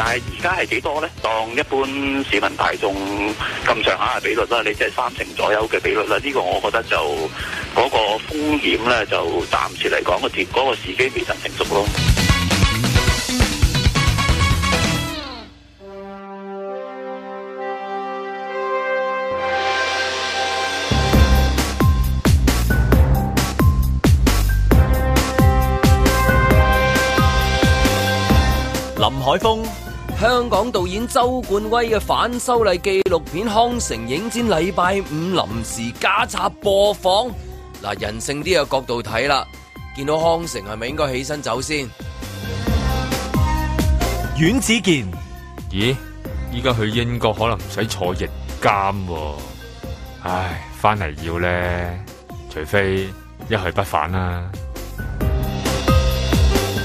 但係而家係幾多咧？當一般市民大眾咁上下嘅比率啦，你即係三成左右嘅比率啦。呢個我覺得就嗰個風險咧，就暫時嚟講個時嗰個時機未達成熟咯。林海峰。香港導演周冠威嘅反修例紀錄片《康城影展禮拜五臨時加插播放》，嗱人性啲嘅角度睇啦，見到康城係咪應該起身走先？阮子健，咦？依家去英國可能唔使坐刑監、啊，唉，翻嚟要咧，除非一去不返啦、啊。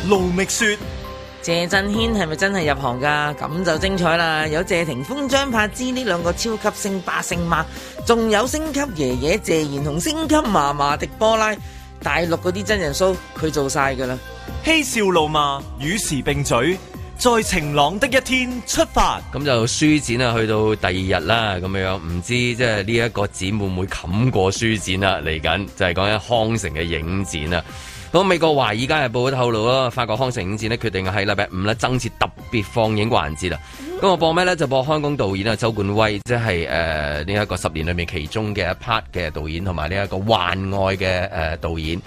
盧覓雪。謝振軒係咪真係入行噶？咁就精彩啦！有謝霆鋒、張柏芝呢兩個超級星爸星媽，仲有升級爺爺謝賢同升級嫲嫲狄波拉，大陸嗰啲真人 show 佢做晒噶啦。嬉笑怒罵，與時並舉，在晴朗的一天出發。咁就書展啊，去到第二日啦，咁樣唔知即係呢一個展會唔會冚過書展啊？嚟緊就係、是、講緊康城嘅影展啊！咁美國華爾街日報透露啦，法國康城影展呢決定喺禮拜五咧增設特別放映環節啦。咁我播咩咧？就播香港導演啊周冠威，即係誒呢一個十年裏面其中嘅一 part 嘅導演，同埋呢一個幻愛嘅誒、呃、導演。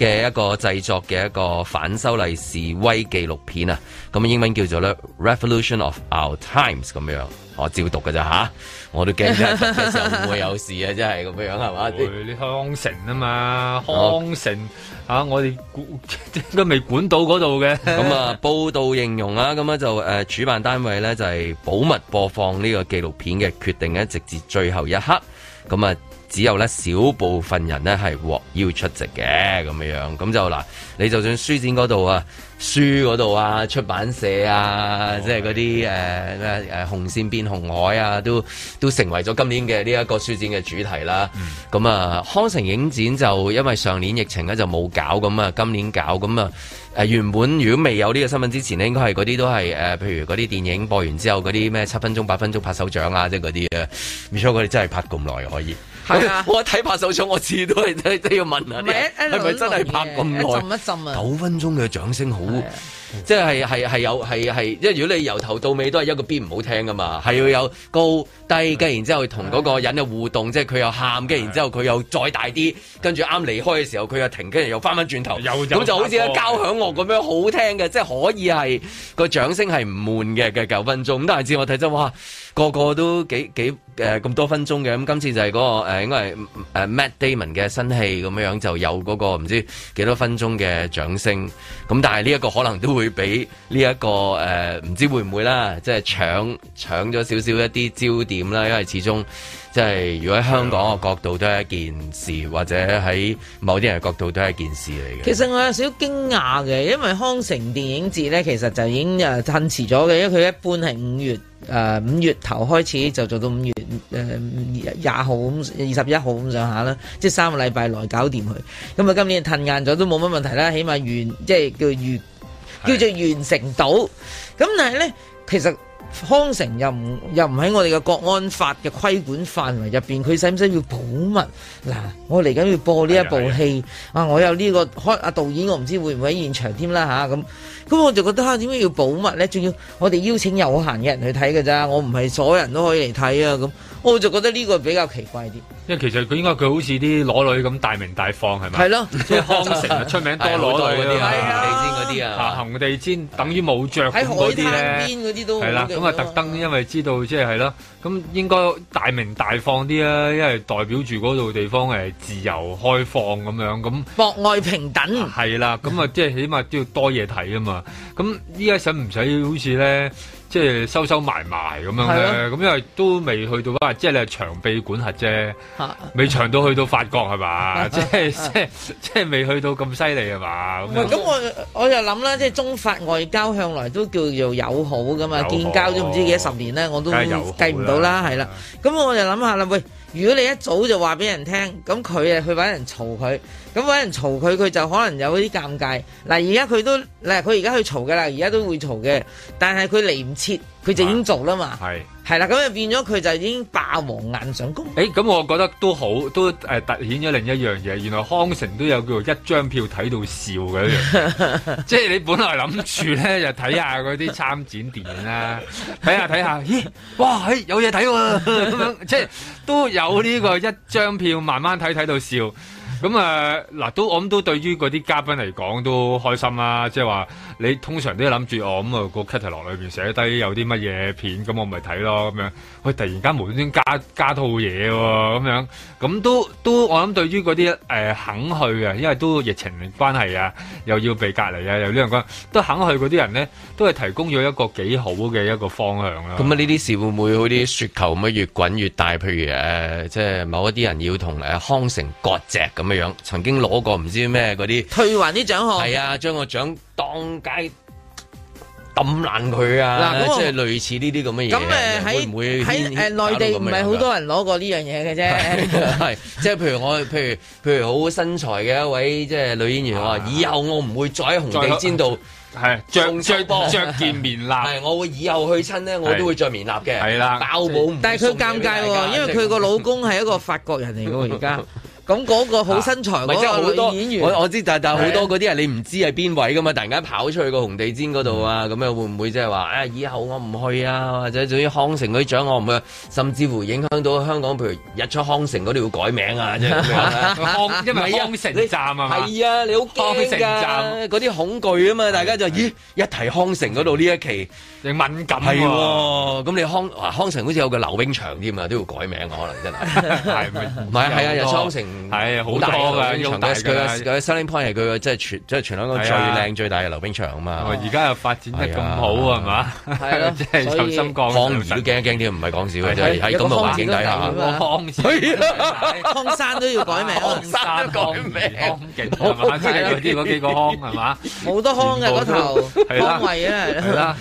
嘅一個製作嘅一個反修例示威紀錄片啊，咁英文叫做咧《Revolution of Our Times》咁樣，我照讀噶咋吓，我都驚咧，出嘅時候會唔會有事啊？真係咁樣係嘛、哎？你康城啊嘛，康城、哦啊、我哋 應該未管到嗰度嘅。咁、嗯、啊，報道形容啊，咁啊就誒、啊，主辦單位咧就係、是、保密播放呢個紀錄片嘅決定，一直至最後一刻。咁啊～只有咧少部分人呢，係獲邀出席嘅，咁樣樣，咁就嗱，你就算書展嗰度啊，書嗰度啊，出版社啊，嗯、即係嗰啲誒咩誒紅線變紅海啊，都都成為咗今年嘅呢一個書展嘅主題啦。咁、嗯、啊，康城影展就因為上年疫情咧就冇搞，咁啊今年搞，咁啊誒原本如果未有呢個新聞之前呢，應該係嗰啲都係誒、呃、譬如嗰啲電影播完之後嗰啲咩七分鐘八分鐘拍手掌啊，即係嗰啲啊，唔錯，佢哋真係拍咁耐可以。啊、 我一睇拍手掌，我次都係都要問下你係咪真係拍咁耐？九的分鐘嘅掌聲好。即係係係有係係，即係如果你由頭到尾都係一個 B 唔好聽噶嘛，係對要有高低，對然跟然之後同嗰個人嘅互動，即係佢又喊，跟對然之後佢又再大啲，跟住啱離開嘅時候佢對又停，跟住又翻返轉頭，咁就好似交響樂咁樣好聽嘅，即係對可以係對個掌聲係唔悶嘅嘅九分鐘，咁但係自我睇就哇，個個都幾幾誒咁、呃、多分鐘嘅。咁、嗯、今次就係嗰誒應該係誒 Matt Damon 嘅新戲咁樣樣就有嗰、那、唔、個、知幾多分鐘嘅掌聲，咁、嗯、但係呢一個可能都會。會俾呢一個誒，唔知會唔會啦，即係搶搶咗少少一啲焦點啦。因為始終即係如果喺香港嘅角度都係一件事，或者喺某啲人嘅角度都係一件事嚟嘅。其實我有少少驚訝嘅，因為康城電影節咧，其實就已經誒褪遲咗嘅，因為佢一般係五月誒五月頭開始就做到五月誒廿號咁二十一號咁上下啦，即係三個禮拜內搞掂佢。咁啊，今年褪晏咗都冇乜問題啦，起碼完即係叫月。叫做完成到，咁但係咧，其實。康城又唔又唔喺我哋嘅國安法嘅規管範圍入邊，佢使唔使要保密？嗱、啊，我嚟緊要播呢一部戲、哎、呀啊，我有呢、呢個開啊，導演我唔知會唔會喺現場添啦咁，咁、啊啊啊、我就覺得嚇點解要保密咧？仲要我哋邀請有限嘅人去睇㗎。咋？我唔係所有人都可以嚟睇啊咁，我就覺得呢個比較奇怪啲。因為其實佢應該佢好似啲裸女咁大名大放係咪？係咯，啊、康城呵呵出名多裸、哎、呀女咯，地氈嗰啲啊，紅、啊啊、地氈等於冇著嗰啲咧，係啦、啊。嗯咁啊，特登，因為知道即係係囉，咁應該大鳴大放啲啦，因為代表住嗰度地方係自由開放咁樣，咁博愛平等係啦，咁啊，即係起碼都要多嘢睇啊嘛，咁依家使唔使好似咧？即係收收埋埋咁樣嘅，咁因為都未去到啊！即係你長臂管轄啫，未長到去到法國係嘛？ 即係 即係未去到咁犀利係嘛？唔咁不樣我我就諗啦，即係中法外交向來都叫做友好噶嘛，好建交都唔知幾多十年呢，我都計唔到啦，係啦的。咁的我就諗下啦，喂，如果你一早就話俾人聽，咁佢啊，佢揾人嘈佢。咁揾人嘈佢，佢就可能有啲尷尬。嗱，而家佢都嗱，佢而家去嘈㗎啦，而家都會嘈嘅。但係佢嚟唔切，佢就已經做啦嘛。係，係啦，咁就變咗佢就已經霸王硬上弓。誒、欸，咁我覺得都好，都誒、呃、突顯咗另一樣嘢。原來康城都有叫做一張票睇到笑嘅一樣， 即係你本來諗住咧就睇下嗰啲參展電影啦，睇下睇下，咦，哇，欸、有嘢睇喎，即係都有呢個一張票慢慢睇睇到笑。咁、呃、啊，嗱都我諗都對於嗰啲嘉賓嚟講都開心啦，即係話你通常都諗住我咁啊、個 catalogue 裏邊寫低有啲乜嘢片，咁我咪睇咯咁樣喂、哎，突然間無端端加加套嘢喎、啊，咁樣咁都都我諗對於嗰啲誒肯去啊，因為都疫情關係啊，又要被隔離啊，有呢樣關都肯去嗰啲人咧，都係提供咗一個幾好嘅一個方向啦，咁啊，呢啲、啊、事會唔會好啲雪球咁越滾越大？譬如誒、呃、即係某一啲人要同誒、呃、康城割席咁。.曾經攞過唔知咩嗰啲退還啲獎項係啊，將個獎當街抌爛佢啊！嗱，即係類似呢啲咁嘅嘢。咁誒喺喺誒內地唔係好多人攞過呢樣嘢嘅啫。係即係譬如我譬如譬如好身材嘅一位即係女演員話：以後我唔會再喺紅地毯度係著著著件棉襪。係我會以後去親呢，我都會著棉襪嘅。係啦，包保。但係佢尷尬喎，因為佢個老公係一個法國人嚟嘅喎，而家。咁嗰個好身材即係好多演員，我我知，但但好多嗰啲人你唔知係邊位噶嘛？突然間跑出去個紅地氈嗰度啊，咁啊會唔會即係話，唉以後我唔去啊，或者至於康城嗰啲獎我唔去，甚至乎影響到香港，譬如日出康城嗰啲會改名啊，即係康，因為康城站啊，係啊，你好驚㗎，嗰啲恐懼啊嘛，大家就咦一提康城嗰度呢一期，敏感喎，咁你康康城好似有個溜冰場添啊，都要改名可能真係，唔係啊，係啊，日出康城。係好多噶，佢嘅佢嘅 selling point 係佢嘅即係全即係全香港最靚最大嘅溜冰場啊嘛！而家又發展得咁好啊嘛！係咯，即係真心講，康怡都驚驚啲，唔係講笑嘅真係喺咁嘅環境底下。康怡啊，康山都要改名，康山改名，康景係嘛？即係嗰啲嗰幾個康係嘛？好多康嘅嗰頭，康惠啊！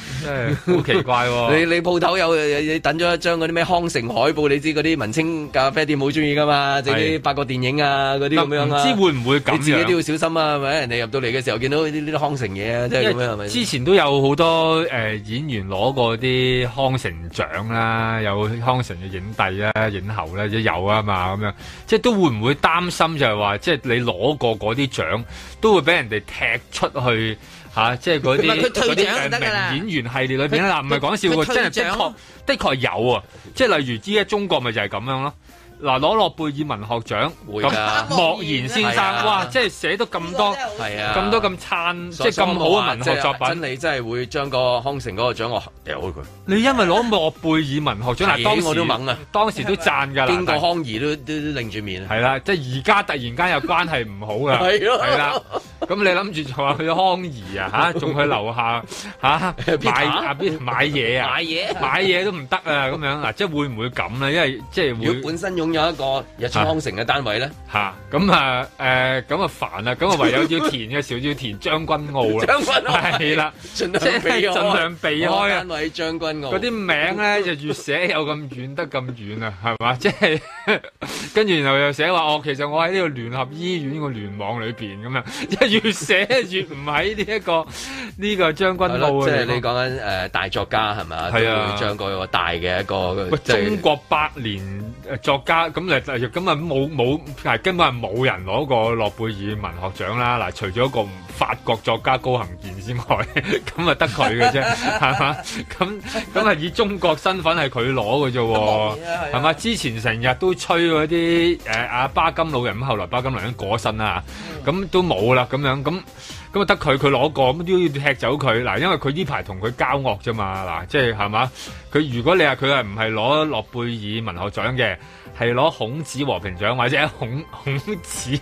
好奇怪喎！你你鋪頭有等咗一張嗰啲咩康城海報？你知嗰啲文青咖啡店好中意噶嘛？整啲八個電。影啊，啲咁樣唔知會唔會咁樣？你自己都要小心啊，係咪？人哋入到嚟嘅時候見到呢啲康城嘢啊，即係咁樣，係咪？是是之前都有好多誒、呃、演員攞過啲康城獎啦、啊，有康城嘅影帝啊、影后咧、啊，即有啊嘛，咁樣即係都會唔會擔心就係話，即係你攞過嗰啲獎，都會俾人哋踢出去吓、啊？即係嗰啲名演員系列裏面。 嗱，唔係講笑嘅，真係的確的確有啊！即係例如依家中國咪就係咁樣咯、啊。嗱，攞諾貝爾文學獎，會，莫言先生，哇！即係寫到咁多，咁多咁讚，即係咁好嘅文學作品，真係會將個康城嗰個獎我掉開佢，你因為攞諾貝爾文學獎。嗱當時我都猛啊，當時都讚㗎啦，邊個康怡都都擰住面，係啦，即係而家突然間又關係唔好啦，係啦。咁你諗住就話去康怡啊？仲去樓下嚇買嘢啊？買嘢買嘢都唔得啊！咁樣嗱，即係會唔會咁咧？因為即係會本身用。有一個日出康城嘅單位咧，吓咁啊，誒，咁啊煩啊，咁啊唯有要填嘅，少要填將軍澳啦，係啦，盡量避開單位，將軍澳。嗰啲名咧就越寫又咁遠得咁遠啊，係嘛？即係跟住然後又寫話哦，其實我喺呢個聯合醫院個聯網裏邊咁樣，一越寫越唔喺呢一個呢個將軍澳嘅地方。即係你講緊誒大作家係嘛？係啊，將個大嘅一個，即係中國百年誒作家。咁嚟就咁啊！冇冇，係根本係冇人攞過諾貝爾文學獎啦。嗱，除咗個法國作家高行健之外，咁啊得佢嘅啫，係嘛 ita？咁咁 以，以中國身份係佢攞嘅啫，係嘛？吧嗎之前成日都吹嗰啲誒，阿、呃、巴金老人後來巴金老人過身啦，咁都冇啦，咁樣咁咁啊得佢，佢攞過，咁都要踢走佢嗱，因為佢呢排同佢交惡啫嘛，嗱，即係，係嘛？佢如果你話佢係唔係攞諾貝爾文學獎嘅？係攞孔子和平獎，或者孔孔子文學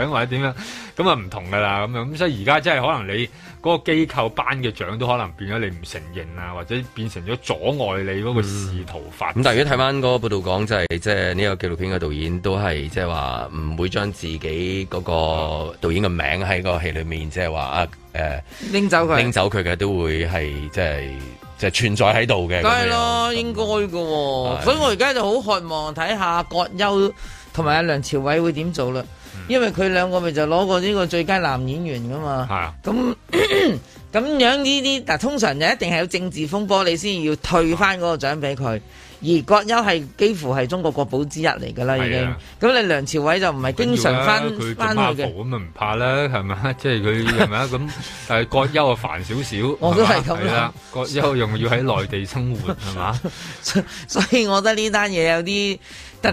獎，或者點樣咁啊唔同噶啦，咁樣咁，所以而家即係可能你嗰個機構頒嘅獎都可能變咗你唔承認啊，或者變成咗阻礙你嗰個仕途法咁、嗯、但係如果睇翻嗰個報道講就係即係呢個紀錄片嘅導演都係即係話唔會將自己嗰個導演嘅名喺個戲裏面，即係話啊，誒拎走佢，拎走佢嘅都會係即係。即係就係存在喺度嘅，梗係咯，樣應該嘅，那所以我而家就好渴望睇下葛優同埋阿梁朝偉會點做啦，嗯、因為佢兩個咪就攞過呢個最佳男演員㗎嘛，係是啊，咁咁樣呢啲，嗱通常就一定係有政治風波，你先要退翻嗰個獎俾佢。而葛優係幾乎係中國國寶之一嚟㗎啦，已經、啊。咁你梁朝偉就唔係經常翻翻去嘅。咁咪唔怕啦，係咪？即係佢係咪？咁但係葛優啊，媽媽煩少少。我都係咁樣。葛優仲要喺內地生活，係嘛？所以，我覺得呢單嘢有啲。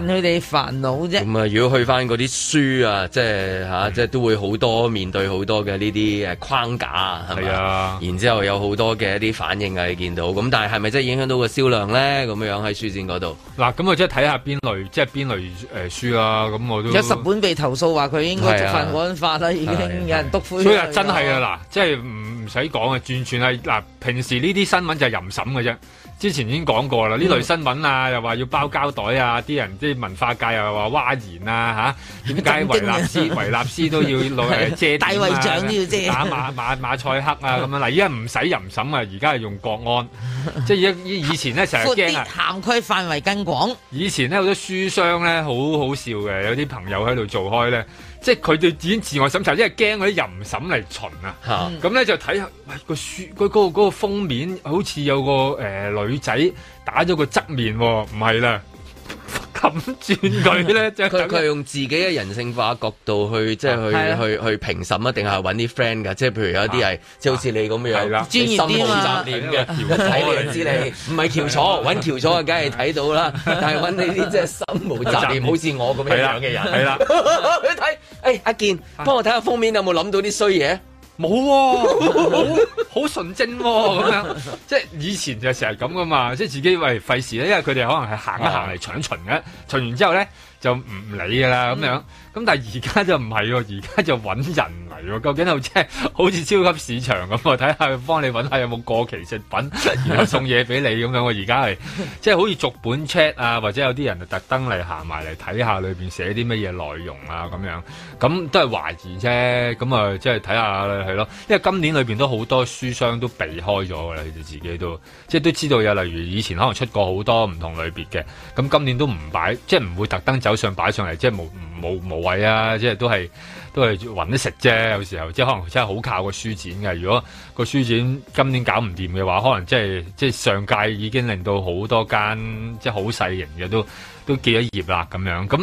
戥佢哋煩惱啫。咁啊，如果去翻嗰啲書啊，是即係吓，即係都會好多面對好多嘅呢啲誒框架是是啊，係嘛？然之後有好多嘅一啲反應啊，你見到咁，但係咪真係影響到個銷量咧？咁樣喺書展嗰度。嗱，咁我即係睇下邊類，即係邊類誒、呃、書啦。咁我都有十本被投訴，話佢應該觸犯《國安法》啦，啊、已經有人篤灰、啊。啊、所以真係啊，嗱，即係唔。嗯唔使講啊，轉轉係嗱，平時呢啲新聞就係淫審嘅啫。之前已經講過啦，呢類新聞啊，又話要包膠袋啊，啲人即係文化界又話嘩然啊吓，點、啊、解維納斯、啊、維納斯都要攞嚟借 的、啊、大衞像要借。打馬馬馬賽克啊，咁樣嗱，依家唔使淫審啊，而家係用國安， 即係以前呢，成日驚啊。闊啲涵蓋範圍更廣。以前呢，好多書商咧好好笑嘅，有啲朋友喺度做開咧。即係佢對自己自我審查，因為驚佢啲淫審嚟巡啊，咁咧、嗯、就睇下，喂、哎嗰個書嗰、嗰個封面好似有個、呃、女仔打咗個側面喎、哦，唔係啦。諗佢咧，即係佢佢係用自己嘅人性化角度去，即係去了去去評審啊，定係揾啲 friend 噶？即係譬如有一啲係，啊、即係好似你咁樣，專業啲雜念嘅，一睇嚟知你唔係喬楚，揾喬楚啊，梗係睇到啦。了但係揾你啲即係心無雜念、好似我咁樣樣嘅人，係啦，你睇，誒、 哎，阿健，幫我睇下封面有冇諗到啲衰嘢？冇、哦 哦，好純正咁、哦、樣，即以前就成日咁噶嘛，即自己喂費事咧，因為佢哋可能係行一行嚟巡一巡嘅，的巡完之後咧就唔理噶啦咁樣。嗯。咁但係而家就唔係喎，而家就揾人嚟喎。究竟係即係好似超級市場咁我睇下佢幫你揾下有冇過期食品，然後送嘢俾你咁樣。我而家係即係好似逐本 check 啊，或者有啲人就特登嚟行埋嚟睇下裏面寫啲乜嘢內容啊咁樣。咁都係懷疑啫。咁啊，即係睇下係咯，因為今年裏面都好多書商都避開咗㗎啦，佢哋自己都即係都知道。有例如以前可能出過好多唔同類別嘅，咁今年都唔擺，即係唔會特登走上擺上嚟，即係冇。冇，冇謂啊！即係都係都係揾得食啫，有時候即係可能真係好靠個書展嘅。如果個書展今年搞唔掂嘅話，可能即係即係上屆已經令到好多間即係好細型嘅都。都結咗業啦咁樣，咁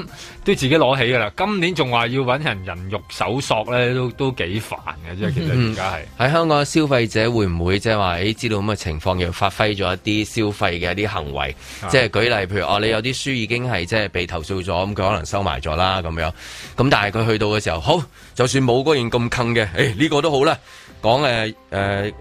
都自己攞起噶啦。今年仲話要搵人人肉搜索咧，都都幾煩嘅。即係其實而家係喺香港消費者會唔會即係話知道咁嘅情況又發揮咗一啲消費嘅一啲行為？的即係舉例，譬如哦，你有啲書已經係即係被投訴咗，咁佢可能收埋咗啦咁樣。咁但係佢去到嘅時候，好就算冇嗰件咁坑嘅，誒、哎這個、呢個都好啦，講誒誒。呃呃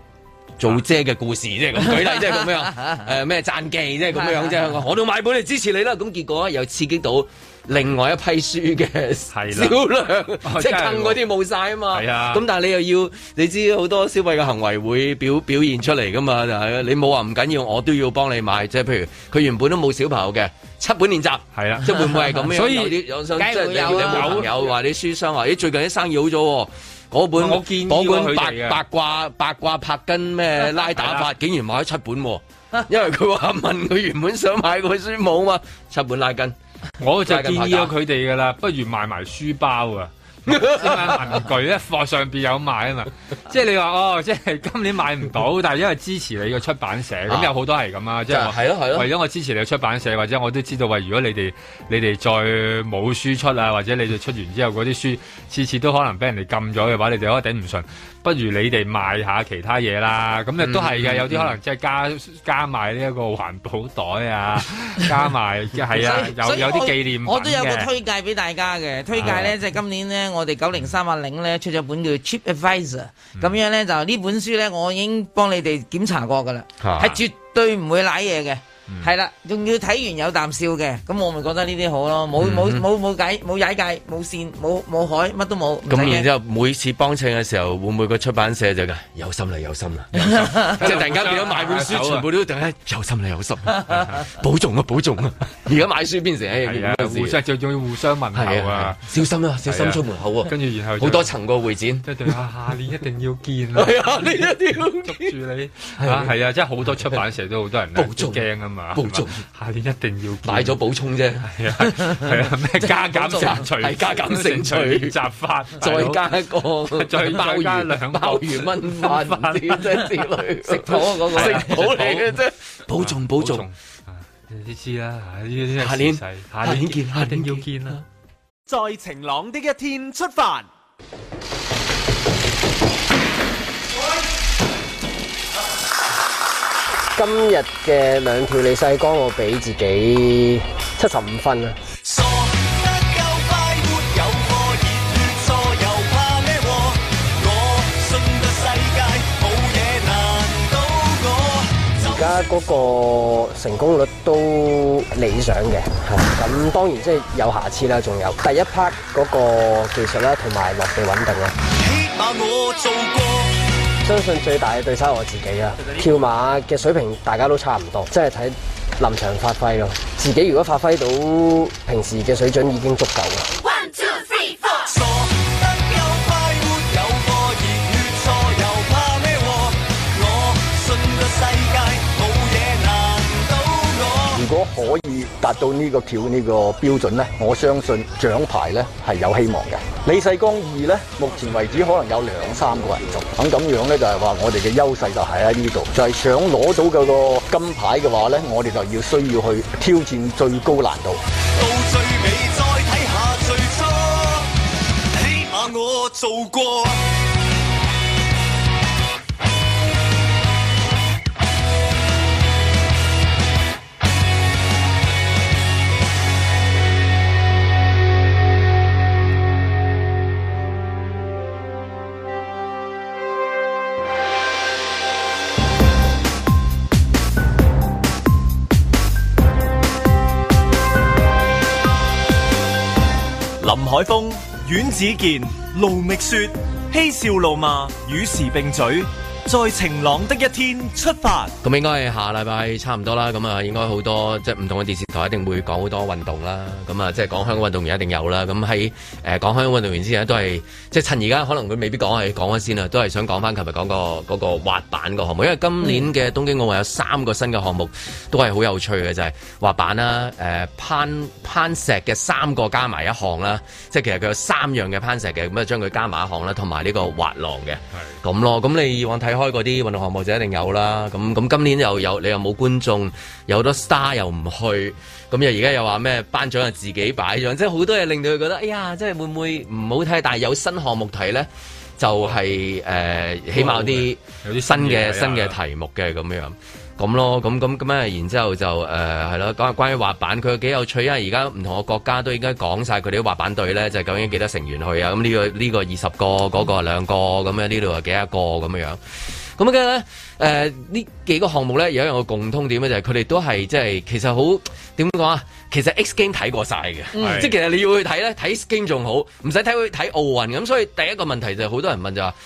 做姐嘅故事，即係咁舉例，即係咁咩啊？誒咩讚記，即係咁樣啫。 我都買本嚟支持你啦。咁結果又刺激到另外一批書嘅銷量，即係 的 更嗰啲冇晒啊嘛。咁 的但係你又要，你知好多消費嘅行為會表表現出嚟噶嘛？就係你冇話唔緊要，我都要幫你買。即係譬如佢原本都冇小朋友嘅七本練習，係啦的，即係 會唔會係咁樣？所以啲有、就是、有、啊、你有話啲書商話：咦，最近啲生意好咗。嗰本嗰本八八卦八卦拍筋咩拉打法，竟然買咗七本，啊， 因為佢話問佢原本想買個書冇啊，嘛，七本拉筋，我就建議咗佢哋噶啦，不如賣埋書包啊！啲文具咧，課 上邊有賣啊嘛，即係你話哦，即係今年買唔到，但係因為支持你個出版社，咁 有好多係咁啊，即係係咯係咯，為咗我支持你個出版社，或者我都知道，喂，如果你哋你哋再冇書出啊，或者你哋出完之後嗰啲書，次次都可能俾人哋禁咗嘅話，你哋可能頂唔順。不如你哋賣下其他嘢啦，咁亦都係嘅。有啲可能即係加加埋呢一個環保袋啊，加埋即係啊，有有啲紀念品嘅。我都有個推介俾大家嘅，推介咧即係今年咧，我哋九零三八零咧出咗本叫 Cheap Advisor，咁樣咧就呢本書咧，我已經幫你哋檢查過㗎啦，係絕對唔會賴嘢嘅。係啦，仲要睇完有啖笑嘅，咁我咪覺得呢啲好咯，冇冇冇冇計，冇眼界，冇線，冇冇海，乜都冇。咁然之後，每次幫襯嘅時候，會唔會個出版社就㗎？有心啦，有心啦，即係突然間變咗買本書，全部都突然有心啦，有心，保重啊，保重啊！而家買書變成係互相，仲要互相問候啊，小心啊，小心出門口喎。跟住然後好多層個會展，下年一定要見啊，係啊呢，一定要捉住你啊係啊，即係好多出版社都好多人望保重，下年一定要買咗補充啫，係啊，係啊，咩加減乘除，加減乘除，雜花，再加一個，再加兩鮑魚炆飯，萬字啫之類，食補食補嚟嘅啫，保重保重，你知啦，下年下年見，下年要見啦，在晴朗的一天出發。今日嘅兩條李世光，我俾自己七十五分啊！而家嗰個成功率都理想嘅，係咁當然即係有瑕疵啦，仲有第一 part 嗰個技術啦，同埋落地穩定啊！相信最大嘅對手係我自己啊！跳馬嘅水平大家都差唔多，即係睇臨場發揮咯。自己如果發揮到平時嘅水準已經足夠啦。如果可以達到呢個橋呢個標準呢，我相信獎牌呢係有希望嘅。李世光二呢，目前為止可能有兩三個人做，咁咁樣呢，就係話我哋嘅優勢就喺喺呢度，就係、是、想攞到個金牌嘅話呢，我哋就要需要去挑戰最高難度。到最尾再睇下最初。起碼我做過。海峰、阮子健，盧覓雪，嬉笑怒罵，與時並舉，在晴朗的一天出發。咁應該係下禮拜差唔多啦，咁啊應該好多即係唔同嘅電視。一定會講好多運動啦，咁啊，即係講香港運動員一定有啦。咁喺誒講香港運動員之前都先，都係即係趁而家可能佢未必講係講咗先啊，都係想講翻。琴日講個嗰個滑板個項目，因為今年嘅東京奧運有三個新嘅項目，都係好有趣嘅，就係、是、滑板啦、誒、呃、攀攀石嘅三個加埋一項啦，即係其實佢有三樣嘅攀石嘅，咁啊將佢加埋一項是啦，同埋呢個滑浪嘅咁咯。咁你以往睇開嗰啲運動項目就一定有啦。咁咁今年又有你又冇觀眾，有好多 star 又唔去。咁又而家又話咩？班長又自己擺咗即係好多嘢，令到佢覺得，哎呀，即係會唔會唔好睇？但係有新項目睇咧，就係、是、誒、呃，起碼有啲有啲新嘅新嘅題目嘅咁樣，咁咯，咁咁咁啊，然之後就誒係咯，講、呃、下關於滑板，佢幾有趣，因為而家唔同嘅國家都應該講晒佢哋啲滑板隊咧，就係、究竟幾多成員去啊？咁呢、呢個呢個二十個，嗰、嗰個兩個，咁、那個、樣，樣，樣呢度係幾多個咁樣樣，咁啊嘅咧。誒呢、呃、幾個項目咧有一樣共通點咧，就係佢哋都係即係其實好點講啊，其實 X game 睇過晒嘅，是即係其實你要去睇咧，睇 X game 仲好，唔使睇去睇奧運咁，所以第一個問題就好、是、多人問就話、是，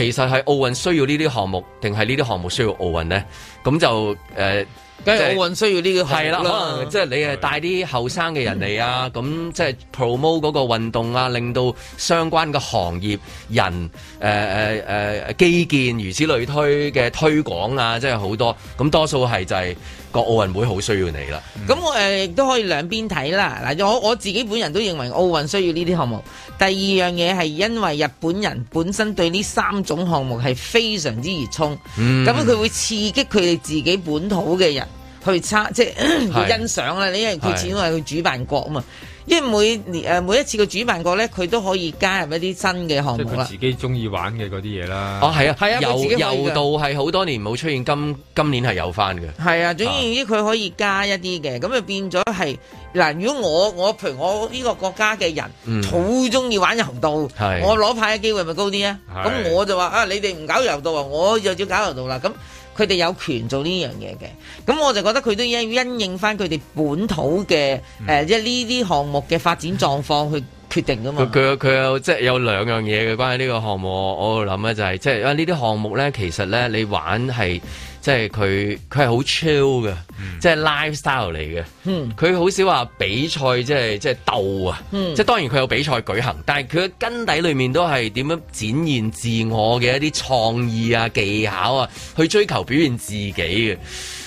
其實係奧運需要呢啲項目定係呢啲項目需要奧運咧？咁就誒。呃梗係奧運、就是、需要呢個係啦，可能即係你係帶啲後生嘅人嚟啊，咁即係 promote 嗰個運動啊，令到相關嘅行業人誒誒誒基建，如此類推嘅推廣啊，即係好多咁，多數係就係、是。個奧運會好需要你啦，嗯，咁我誒亦都可以兩邊睇啦。嗱，我我自己本人都認為奧運需要呢啲項目。第二樣嘢係因為日本人本身對呢三種項目係非常之熱衷，咁樣佢、嗯、會刺激佢哋自己本土嘅人去參，即係是去欣賞啦。呢因為佢始終係佢主辦國啊嘛。因為每年誒每一次個主辦國咧，佢都可以加入一啲新嘅項目啦。即係佢自己中意玩嘅嗰啲嘢啦。哦，係啊，係啊，柔柔道係好多年冇出現，今今年係有翻嘅。係啊，總言之，佢可以加一啲嘅，咁就變咗係嗱。如果我我譬如我呢個國家嘅人好中意玩柔道，我攞牌嘅機會咪高啲啊？咁我就話啊，你哋唔搞柔道啊，我就照搞柔道啦。咁。佢哋有權做呢樣嘢嘅，咁我就覺得佢都應該要因應返佢哋本土嘅誒，即係呢啲項目嘅發展狀況去決定㗎嘛。佢佢有即係、就是、有兩樣嘢嘅關於呢個項目，我諗咧就係即係因為呢啲項目咧，其實咧你玩係。即係佢，佢係好 chill 嘅，即係 lifestyle 嚟嘅。佢好少話比賽，即係即係鬥啊！嗯、即係當然佢有比賽舉行，但係佢根底裏面都係點樣展現自我嘅一啲創意啊、技巧啊，去追求表現自己嘅。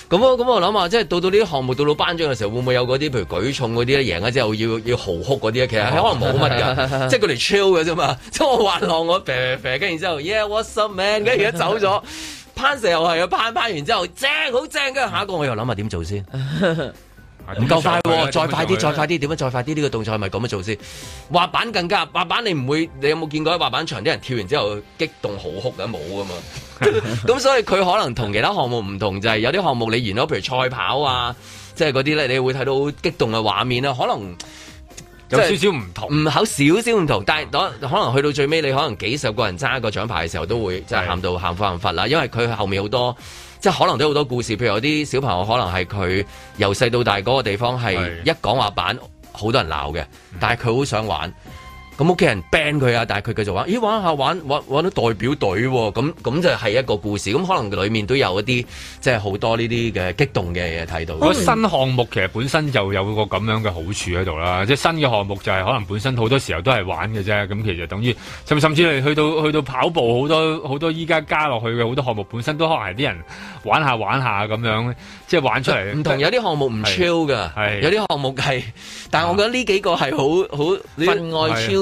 咁啊，咁我諗下，即係到到呢啲項目，到到頒獎嘅時候，會唔會有嗰啲，譬如舉重嗰啲咧，贏咗之後，即係要要嚎哭嗰啲？其實可能冇乜嘅，即係佢哋 chill 嘅啫嘛。我滑浪，我啡啡啡，跟住之後，Yeah，what's up, man？跟住走咗。 攀石又係啊，攀攀完之後正好正，跟下一個我又諗下點做先，唔夠快，再快啲，再快啲，點樣再快啲？呢個動作係咪咁樣做先？滑板更加，滑板你唔會，你有冇見過喺滑板場啲人跳完之後激動好哭嘅舞啊沒嘛？咁 所以佢可能同其他項目唔同，就係、是、有啲項目你完咗，譬如賽跑啊，即係嗰啲咧，你會睇到好激動嘅畫面啊，可能。有少少唔同，唔好少少唔同，但係可能去到最尾，你可能幾十個人揸一個獎牌嘅時候，都會即係喊到喊翻喊發啦。因為佢後面好多，即係可能都好多故事。譬如有啲小朋友可能係佢由細到大嗰個地方係一講話板，好多人鬧嘅，但係佢好想玩。咁屋企人 ban 佢啊，但係佢繼續玩，咦玩下玩玩玩到代表隊，哦，咁咁就係一個故事。咁可能裏面都有一啲即係好多呢啲嘅激動嘅嘢睇到。嗯、以個新項目其實本身就有個咁樣嘅好處喺度啦，即係新嘅項目就係可能本身好多時候都係玩嘅啫。咁其實等於甚甚至你去到去到跑步，好多好多依家加落去嘅好多項目，本身都可能係啲人玩下玩下咁樣，即係玩出嚟。唔同就有啲項目唔 chill 嘅，有啲項目係，但係我覺得呢幾個係好好分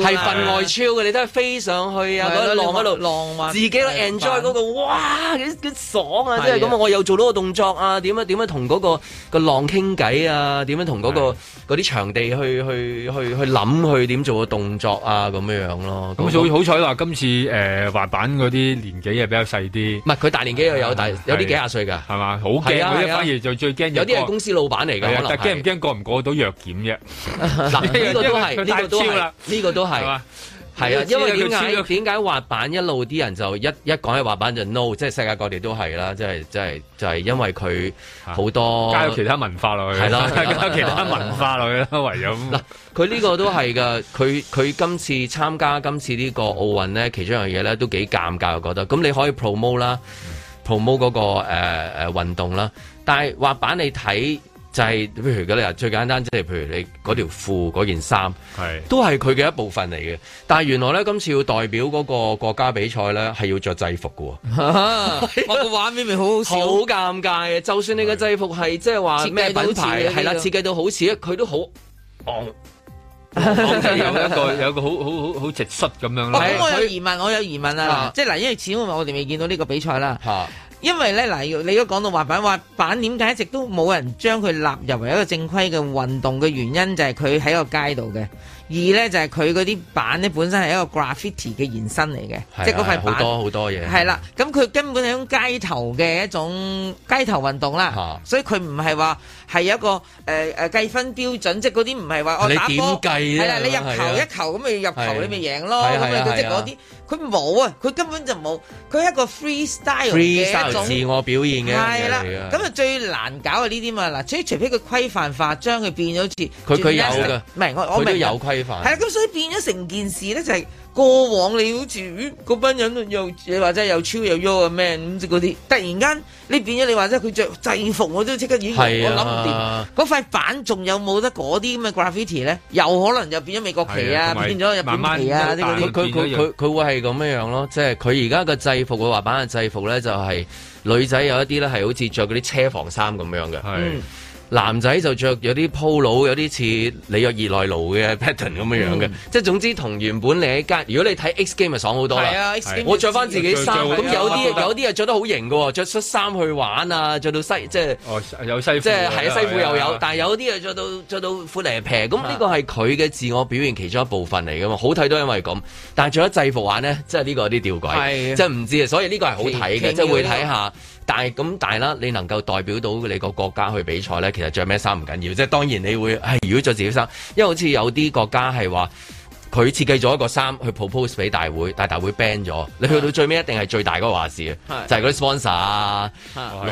外係份外超嘅，你都睇飛上去啊，浪喺度浪，自己去 enjoy 嗰個哇！幾幾爽啊！即係咁，我又做到個動作啊！點樣點樣同嗰個浪傾偈啊！點樣同嗰個啲場地去去去去諗佢點做個動作啊？咁樣樣咯。咁就好彩話今次誒滑板嗰啲年紀又比較細啲，唔係佢大年紀又有大有啲幾廿歲㗎，係嘛？好驚！一反而就最驚有啲係公司老闆嚟㗎，但驚唔驚過唔過到弱檢啫？嗱，呢個都係呢個都係呢個都係。係嘛？係啊，因為點解點解滑板一路啲人就一一講起滑板就 no，即係世界各地都係啦，即係即係就係、是就是、因為佢好多加入其他文化落去，係啦、啊，加入其他文化落去啦，唯有嗱，佢呢 個都係噶，佢佢今次參加今次這個奧運呢個奧運咧，其中一樣嘢咧都幾尷尬的，我覺得。咁你可以 promote 啦、嗯，promote 嗰、那個誒誒運動啦，但係滑板你睇。就係譬如嗰啲啊，最簡單即係譬如你嗰條褲、嗰件衫，都係佢嘅一部分嚟嘅。但係原來咧，今次要代表嗰個國家比賽咧，係要着制服嘅喎。嚇！我個畫面咪好好笑，好尷尬嘅。就算你嘅制服係即係話咩品牌，係啦，設計到好似，佢都好昂，有一個有一個好好好好直率咁樣。我有疑問，我有疑問啊！即係嗱，因為始終我哋未見到呢個比賽啦。因為咧嗱，你如果講到滑板，滑板點解一直都冇人將佢納入為一個正規嘅運動嘅原因，就係佢喺個街度嘅。二咧就係佢嗰啲板咧本身係一個 graffiti 嘅延伸嚟嘅，即係嗰塊板好多好多嘢。係啦，咁佢根本係一種街頭嘅一種街頭運動啦，所以佢唔係話係有一個誒誒計分標準，即係嗰啲唔係話我打波係啦，你入球一球咁咪入球，你咪贏咯咁佢即嗰啲。佢冇啊！佢根本就冇，佢係一個 freestyle 嘅一種 free 自我表現嘅的，係啦。咁啊最難搞嘅呢啲嘛嗱，所以除非佢規範化，將佢變咗似佢佢有唔係我我佢都有規範，係啦。咁所以變咗成件事咧就係、是。過往你好似嗰班人又你話齋又超又喐啊咩咁即嗰啲，突然間你變咗你話佢着制服我都即刻影，啊、我諗唔掂。嗰塊板仲有冇得嗰啲咁嘅 graffiti 咧？又可能又變咗美國旗啊，啊變咗日本旗啊嗰啲。佢佢佢佢會係咁樣囉，咯，即係佢而家個制服嘅滑板嘅制服咧、就是，就係女仔有一啲咧係好似着嗰啲車房衫咁樣嘅。是嗯男仔就着有啲 polo 有啲似里約熱內盧嘅 pattern 咁樣樣、嗯、嘅，即係總之同原本另一間。如果你睇 X game 咪爽好多啦。我着翻自己衫，咁有啲有啲啊著得好型喎。着出衫去玩啊，着到西即係、哦、有西服即係係啊西褲又有，啊、但係有啲啊着到著到闊尼皮，咁呢個係佢嘅自我表現其中一部分嚟㗎嘛，好睇都因為咁。但係著咗制服玩呢，即係呢個有啲吊詭，啊、即係唔知啊。所以呢個係好睇嘅，即係會睇下。但係咁，但係啦，你能夠代表到你個國家去比賽呢，其實着咩衫唔緊要，即係當然你會如果着自己衫，因為好似有啲國家係話。佢設計咗一個衫去 propose 俾大會，但大會 ban 咗。你去到最尾一定係最大嗰個話事就係嗰啲 sponsor 啊，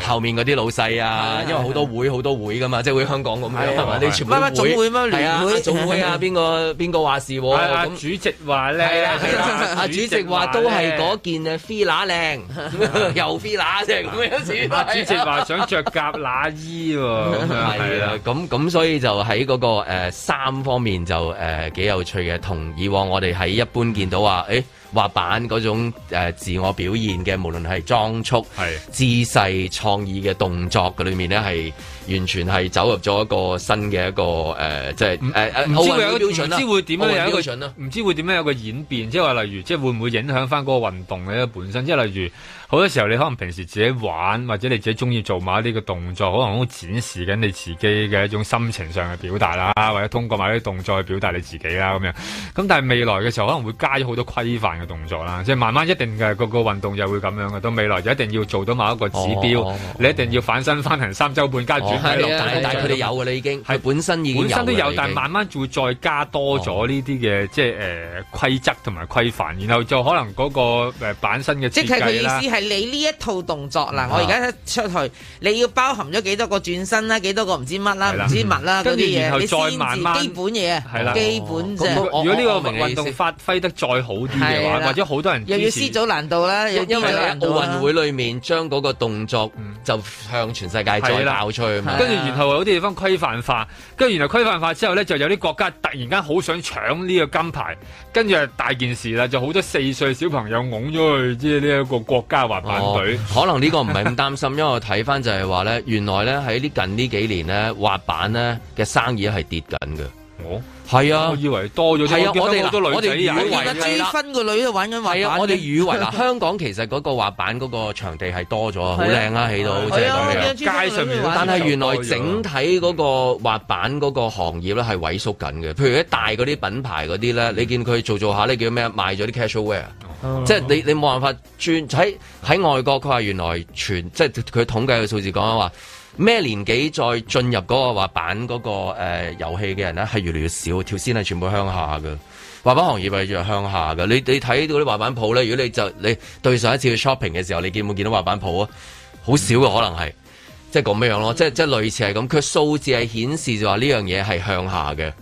後面嗰啲老細啊，因為好多會好多會噶嘛，即係會香港咁，係你啲全乜乜總會乜聯會總會啊？邊個邊個話事？喎？主席話咧，係啊，主席話都係嗰件啊，飛那靚，又飛那靚。咁樣。主席話想着甲乸衣喎，咁咁所以就喺嗰個誒衫方面就誒幾有趣嘅同。以往我哋喺一般見到話，誒滑板嗰種，呃、自我表現嘅，無論係裝束、的姿勢、創意嘅動作裏裏面咧，係完全係走入咗一個新嘅一個誒，即係誒誒。唔、就是呃、知會有一個、啊、標準唔、啊、知會點樣有一個標準唔、啊、知會點樣有個演變，即係話例如，即、就、係、是、會唔會影響返嗰個運動嘅本身，即、就、係、是、例如。好多時候你可能平時自己玩，或者你自己中意做某一啲嘅動作，可能都展示緊你自己嘅一種心情上嘅表達啦，或者通過某啲動作去表達你自己啦咁樣。咁但係未來嘅時候可能會加咗好多規範嘅動作啦，即係慢慢一定嘅個個運動就會咁樣嘅，到未來就一定要做到某一個指標，哦哦哦、你一定要反身翻行三周半加轉體六，哦、但係但佢哋有噶已經，係是本身已經本身都有，但係慢慢會再加多咗呢啲嘅即係誒規則同埋規範，然後就可能嗰、那個誒本、呃、身嘅設計係你呢一套動作嗱，我而家出去，你要包含咗幾多個轉身啦，幾多個唔知乜啦，唔知乜啦嗰啲嘢，你慢，基本嘢。啦，基本。如果呢個運動發揮得再好啲嘅話，或者好多人支持，又要施早難度啦。因為喺奧運會裏面將嗰個動作就向全世界再爆出去。跟住然後有啲地方規範化，跟住然後規範化之後咧，就有啲國家突然間好想搶呢個金牌，跟住大件事啦，就好多四歲小朋友㧬咗去即係呢一個國家。滑板隊可能呢個唔係咁擔心，因為我睇翻就係話咧，原來咧喺呢近呢幾年咧滑板咧嘅生意係跌緊嘅。哦，係啊，我以為多咗啫。係啊，我哋我哋以為有珠分個女去玩緊位啊。我哋以為啊，香港其實嗰個滑板嗰個場地係多咗，好靚啦，到即好正啊。街上面，但係原來整體嗰個滑板嗰個行業咧係萎縮緊嘅。譬如一大嗰啲品牌嗰啲咧，你見佢做做下你叫咩賣咗啲 casual wear。即係你你冇辦法轉，喺喺外國佢話，原來全即係佢統計嘅數字講啊，話咩年紀再進入嗰個滑板嗰個誒遊戲嘅人咧係越嚟越少條線係全部向下嘅，滑板行業係越向下嘅。你你睇到啲滑板鋪咧，如果你就你對上一次去 shopping 嘅時候，你見唔見到滑板鋪啊？好少嘅，可能係即係咁樣樣咯，即係即係類似係咁，佢數字係顯示就話呢樣嘢係向下嘅。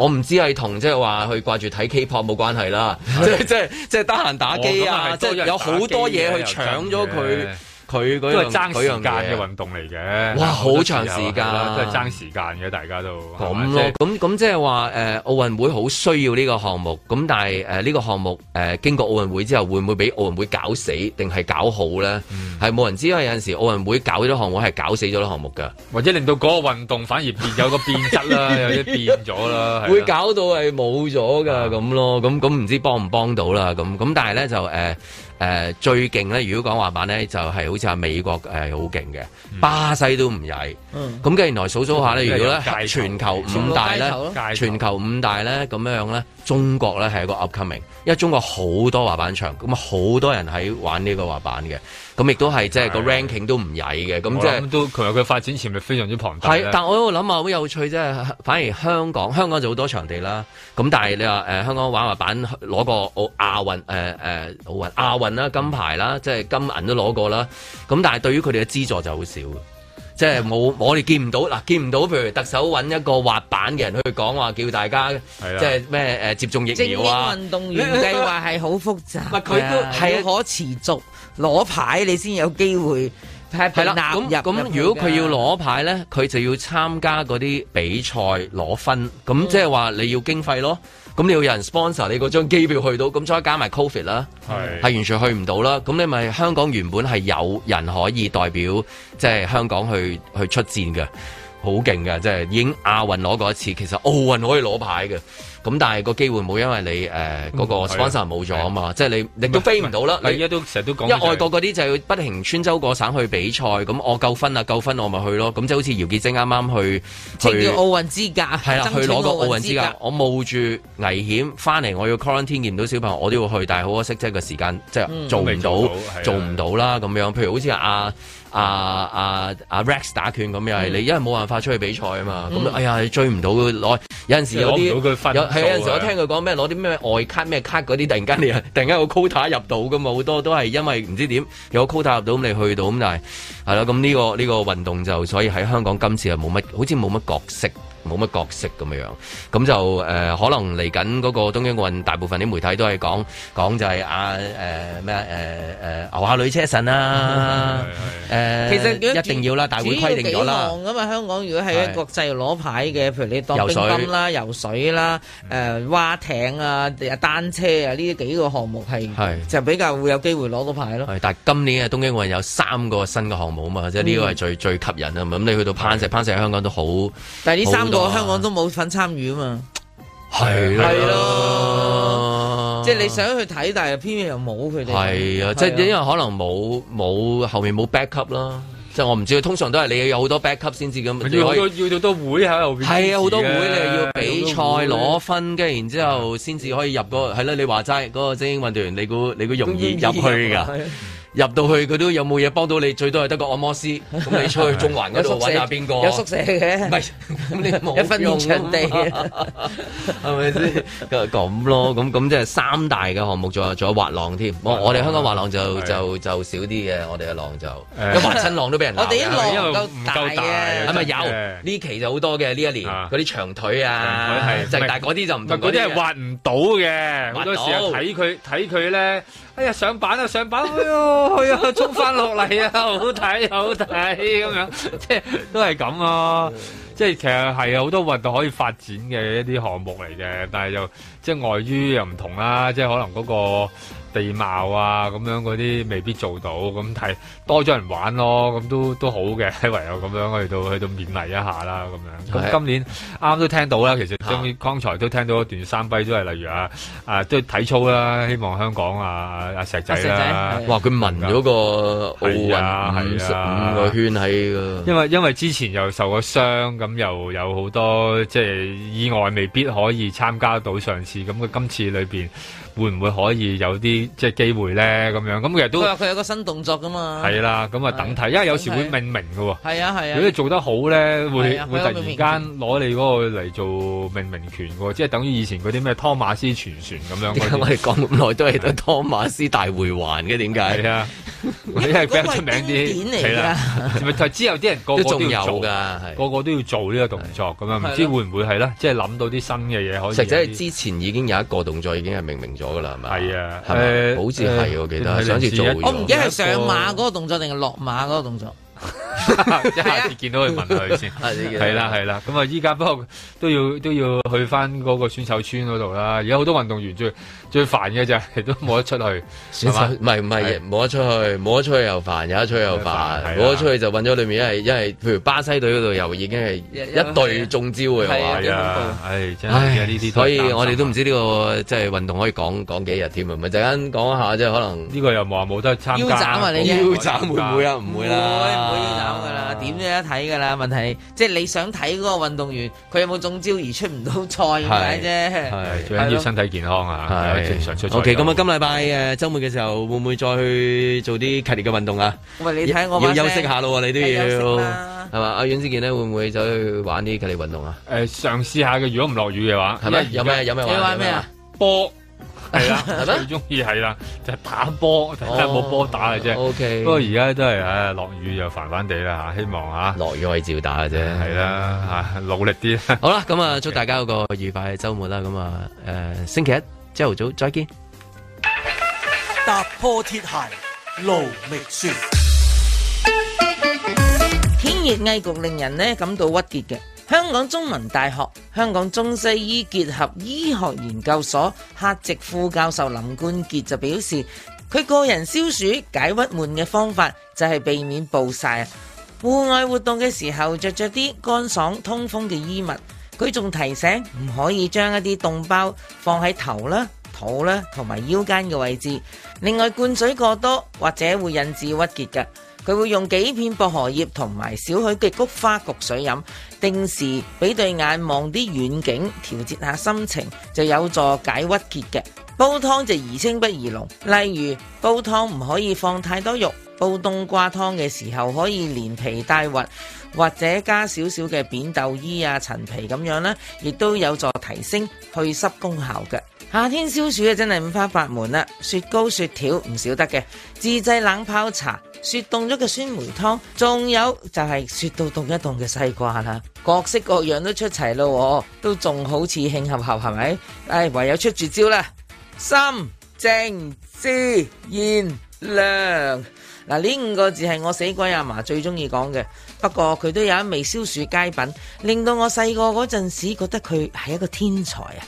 我唔知係同即係話去掛住睇 K-pop 冇關係啦， 即係即係即係得閒打機啊，哦哦、打啊即係有好多嘢去搶咗佢。啊佢嗰啲，係爭時間嘅運動嚟嘅。哇，好長時間，係啦，都係爭時間嘅，大家都。咁咯，咁咁即係話誒奧運會好需要呢個項目，咁但係誒呢個項目誒經過奧運會之後，會唔會俾奧運會搞死定係搞好咧？係冇人知，因為有陣時奧運會搞啲項目係搞死咗啲項目㗎，或者令到嗰個運動反而變有個變質啦，有啲變咗啦，會搞到係冇咗㗎，咁咯，咁咁唔知幫唔幫到啦，咁咁但係咧就誒。誒、呃、最勁咧，如果講滑板咧，就係、是、好似阿美國誒好勁嘅，巴西都唔曳。咁既然來來數數下咧，嗯、如果咧全球五大咧，全球五大咧咁樣咧，中國咧係一個 upcoming，因為中國好多滑板場，咁啊好多人喺玩呢個滑板嘅。咁亦都係，的即係個 ranking 都唔曳嘅，咁即係都佢話佢發展潛力非常之龐大。係，但我喺度諗啊，好有趣，即係反而香港，香港就好多場地啦。咁但係你話誒、呃、香港玩滑板攞個奧亞運誒誒奧運亞運啦金牌啦，即係金銀都攞過啦。咁但係對於佢哋嘅資助就好少，即係冇我哋見唔到嗱，見唔到譬如特首揾一個滑板嘅人去講話，叫大家的即係咩誒接種疫苗啊。運動員計劃係好複雜，佢 都係的可持續。攞牌你先有機會。係啦，咁咁如果佢要攞牌咧，佢就要參加嗰啲比賽攞分。咁即係話你要經費咯，咁你要有人 sponsor 你嗰張機票去到，咁再加埋 COVID 啦，係係完全去唔到啦。咁你咪香港原本係有人可以代表即係香港去去出戰嘅，好勁嘅，即係已經亞運攞過一次，其實奧運可以攞牌嘅。咁但係個機會冇，因為你誒嗰個 sponsor 冇咗啊嘛，即係你你都飛唔到啦。你依家都成日都講，因為外國嗰啲就要不停穿州過省去比賽，咁我夠分啊，夠分，我咪去咯。咁即係好似姚潔晶啱啱去去奧運資格，係啦，去攞個奧運資格。我冒住危險翻嚟，我要 quarantine 見唔到小朋友，我都要去，但係好可惜，即係個時間即係做唔到，做唔到啦咁樣。譬如好似阿。啊啊啊！Rex 打拳咁又係你，因為冇辦法出去比賽啊嘛。咁、嗯、哎呀，你追唔到攞。有陣時有啲，有係有陣時我聽佢講咩攞啲咩外卡咩卡嗰啲，突然間你啊，突然間個 quota 入到噶嘛，好多都係因為唔知點有個 quota 入到咁你去到咁就係係啦。咁呢、嗯呢個呢、呢個運動就所以喺香港今次係冇乜，好似冇乜角色。冇乜角色咁樣樣，咁就誒、呃、可能嚟緊嗰個東京奧運，大部分啲媒體都係講講就係阿誒咩誒誒牛下女車神啦，誒其實一定要啦，大會規定咗啦。主要幾項咁啊，香港如果係國際攞牌嘅，是譬如你當乒乓水啦、游水啦、誒、呃、蛙艇啊、啊單車啊呢幾個項目係是就比較會有機會攞到牌咯。但係今年嘅東京奧運有三個新嘅項目啊嘛，即係呢個係最、嗯、最吸引啊嘛。咁你去到攀石、攀石喺香港都好，但係呢三。香港都冇份參與啊嘛，係咯，即係你想去睇，但係偏偏又冇佢哋。係啊，啊啊即係因為可能冇冇後面冇 back up 啦，即係我唔知。通常都係你有好多 back up 先至咁，要要到多會喺後面。係啊，好多會你要比賽攞分，跟住然之後先至可以入個係啦、啊。你話齋嗰個精英運動員，你估你估容易入去㗎？入到去佢都有冇嘢幫到你，最多係得個按摩師。咁你出去中環嗰度揾下邊個有宿舍嘅？唔係，一分場地，係咪先？咁咯，咁咁即係三大嘅項目，仲有仲有滑浪添。我我哋香港滑浪就就就少啲嘅，我哋嘅浪就一滑親浪都俾人我哋一浪都唔夠大？係咪有呢期就好多嘅呢一年嗰啲長腿啊，係但嗰啲就唔同嗰啲係滑唔到嘅，好多時候睇佢睇佢咧。哎呀！上板啊，上板！哎呀，哎呀，衝翻落嚟啊， 好睇，好睇咁樣，即係都係咁啊！即係其實係好多運動可以發展嘅一啲項目嚟嘅，但係又即係礙於又唔同啦，即係可能嗰個。地貌啊，咁樣嗰啲未必做到，咁但係多咗人玩咯，咁都都好嘅，唯有咁樣去到去到勉勵一下啦，咁樣。咁的今年啱啱都聽到啦，其實將的剛才都聽到一段三輝，都係例如啊啊，都係體操啦，希望香港啊啊石仔啦，話佢、啊、聞咗個奧運啊，十五個圈喺，因為因為之前又受過傷，咁又有好多即係意外，未必可以參加到上次，咁佢今次裏面。會唔會可以有啲即係機會咧？咁樣，咁其實都佢話佢有個新動作噶嘛，係啦，咁啊等睇，因為有時會命名噶喎。係啊係啊，如果你做得好咧，會會突然間攞你嗰個嚟做命名權喎。即係等於以前嗰啲咩湯馬斯傳傳咁樣。我哋講咁耐都係湯馬斯大回環嘅，點解啊？你係比較出名啲。片嚟噶，咪知有啲人個個都要做噶，個個都要做呢個動作咁啊？唔知會唔會係咧？即係諗到啲新嘅嘢可以。實際之前已經有一個動作，已經係命名咗噶啦，係係啊，好似係我記得，上次做我唔記得係上馬嗰個動作定係落馬嗰個動作，即 下次見到佢問佢先，係啦係啦，咁啊依家不過都要都要去翻嗰個選手村嗰度啦，而家好多運動員最～最煩嘅就係都冇得出去，唔係唔係冇得出去，冇得出去又煩，有得出去又煩，冇得出去就揾咗裏面，因為因為譬如巴西隊嗰度又已經係一隊中招嘅話，係啊，唉，所以我哋都唔知呢個即係運動可以講講幾日添，咪陣間講下啫，可能呢個又話冇得參加，腰斬啊你，腰斬會唔會啊？唔會啦，唔會腰斬嘅啦，點都有得睇嘅啦。問題即係你想睇嗰個運動員佢有冇中招而出唔到賽咁啫。係最緊要身體健康啊。O K，咁啊，今禮拜誒，周末嘅時候會唔會再去做啲劇烈嘅運動啊？喂，你睇我要休息下咯，你都要係嘛？阿阮思健呢會唔會走去玩啲劇烈運動啊？誒，嘗試下嘅，如果唔落雨嘅話，係咪？有咩有咩玩咩啊？波係啦，最中意係啦，就係打波，睇下有冇波打嘅啫。O K，不過而家都係唉，落雨就煩煩地啦吓，希望吓。落雨可以照打嘅啫，係啦吓，努力啲。好啦，咁啊，祝大家有個愉快嘅周末啦。咁啊，誒，星期一。朝早再見。踏破鐵鞋勞未絕，天熱翳焗令人咧，感到鬱結嘅。香港中文大學香港中西醫結合醫學研究所客席副教授林冠杰就表示，佢個人消暑解鬱悶嘅方法就係避免暴曬，戶外活動嘅時候着着啲乾爽通風嘅衣物。佢仲提醒唔可以將一啲凍包放喺頭啦、肚啦同埋腰間嘅位置。另外，灌水過多或者會引致鬱結嘅。佢會用幾片薄荷葉同埋少許嘅菊花焗水飲，定時俾對眼望啲遠景，調節下心情，就有助解鬱結嘅。煲湯就宜清不宜濃，例如煲湯唔可以放太多肉，煲冬瓜湯嘅時候可以連皮帶核。或者加少少嘅扁豆衣啊、陳皮咁樣啦，亦都有助提升祛濕功效嘅。夏天消暑啊，真係五花八門啦，雪糕、雪條唔少得嘅，自製冷泡茶、雪凍咗嘅酸梅湯，仲有就係雪到凍一凍嘅西瓜啦，各式各樣都出齊咯，都仲好似慶合合係咪？唉、哎，唯有出絕招啦，心靜自然涼。嗱，呢五個字係我死鬼阿嫲最鍾意講嘅，不過佢都有一味消暑佳品，令到我細個嗰陣時覺得佢係一個天才啊！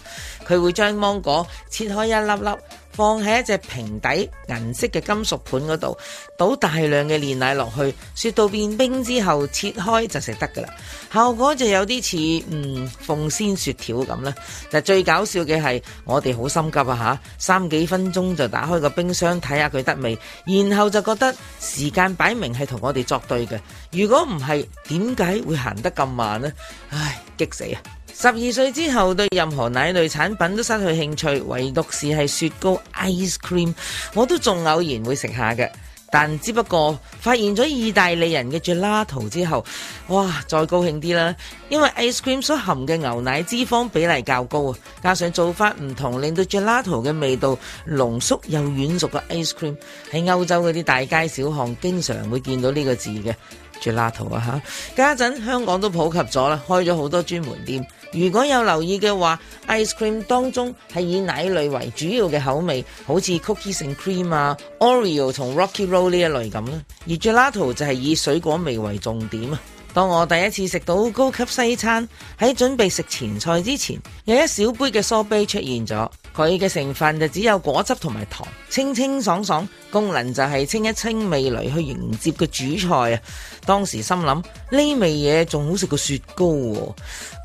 佢會將芒果切開一粒粒。放喺一隻平底銀色嘅金屬盤嗰度，倒大量嘅煉奶落去，雪到變冰之後切開就食得噶啦。效果就有啲似嗯鳳仙雪條咁啦。但最搞笑嘅係我哋好心急啊吓，三幾分鐘就打開個冰箱睇下佢得未，然後就覺得時間擺明係同我哋作對嘅。如果唔係，點解會行得咁慢呢？唉，激死啊！十二歲之後對任何奶類產品都失去興趣，唯獨是係雪糕 ice cream，我都仲偶然會食下嘅。但只不過發現咗意大利人嘅 gelato 之後，哇，再高興啲啦！因為 ice cream 所含嘅牛奶脂肪比例較高啊，加上做法唔同，令到 gelato 嘅味道濃縮又軟熟嘅。ice cream 喺歐洲嗰啲大街小巷經常會見到呢個字嘅 gelato 啊吓，家陣香港都普及咗啦，開咗好多專門店。如果有留意嘅話，ice cream 當中係以奶類為主要嘅口味，好似 cookies and cream 啊、Oreo 同 Rocky Roll 呢一類咁，而而 gelato 就係以水果味為重點。當我第一次食到高級西餐，喺準備食前菜之前，有一小杯嘅 sorbet 出現咗。佢嘅成分就只有果汁同埋糖，清清爽爽，功能就係清一清味蕾去迎接個主菜啊。當時心諗呢味嘢仲好食過雪糕，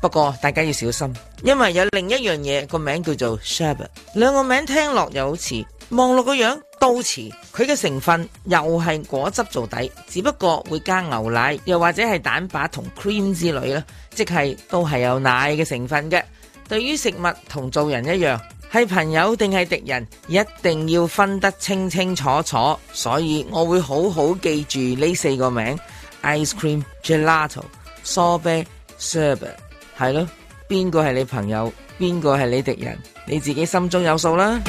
不過大家要小心，因為有另一樣嘢個名叫做 sherbet，兩個名聽落又好似望落個樣都似。佢嘅成分又係果汁做底，只不過會加牛奶，又或者係蛋白同 cream 之類啦，即係都係有奶嘅成分嘅。對於食物同做人一樣。係朋友定係敵人，一定要分得清清楚楚，所以我會好好記住呢四個名：ice cream、gelato、sorbet、sherbet。係咯，邊個係你朋友，邊個係你敵人，你自己心中有數啦。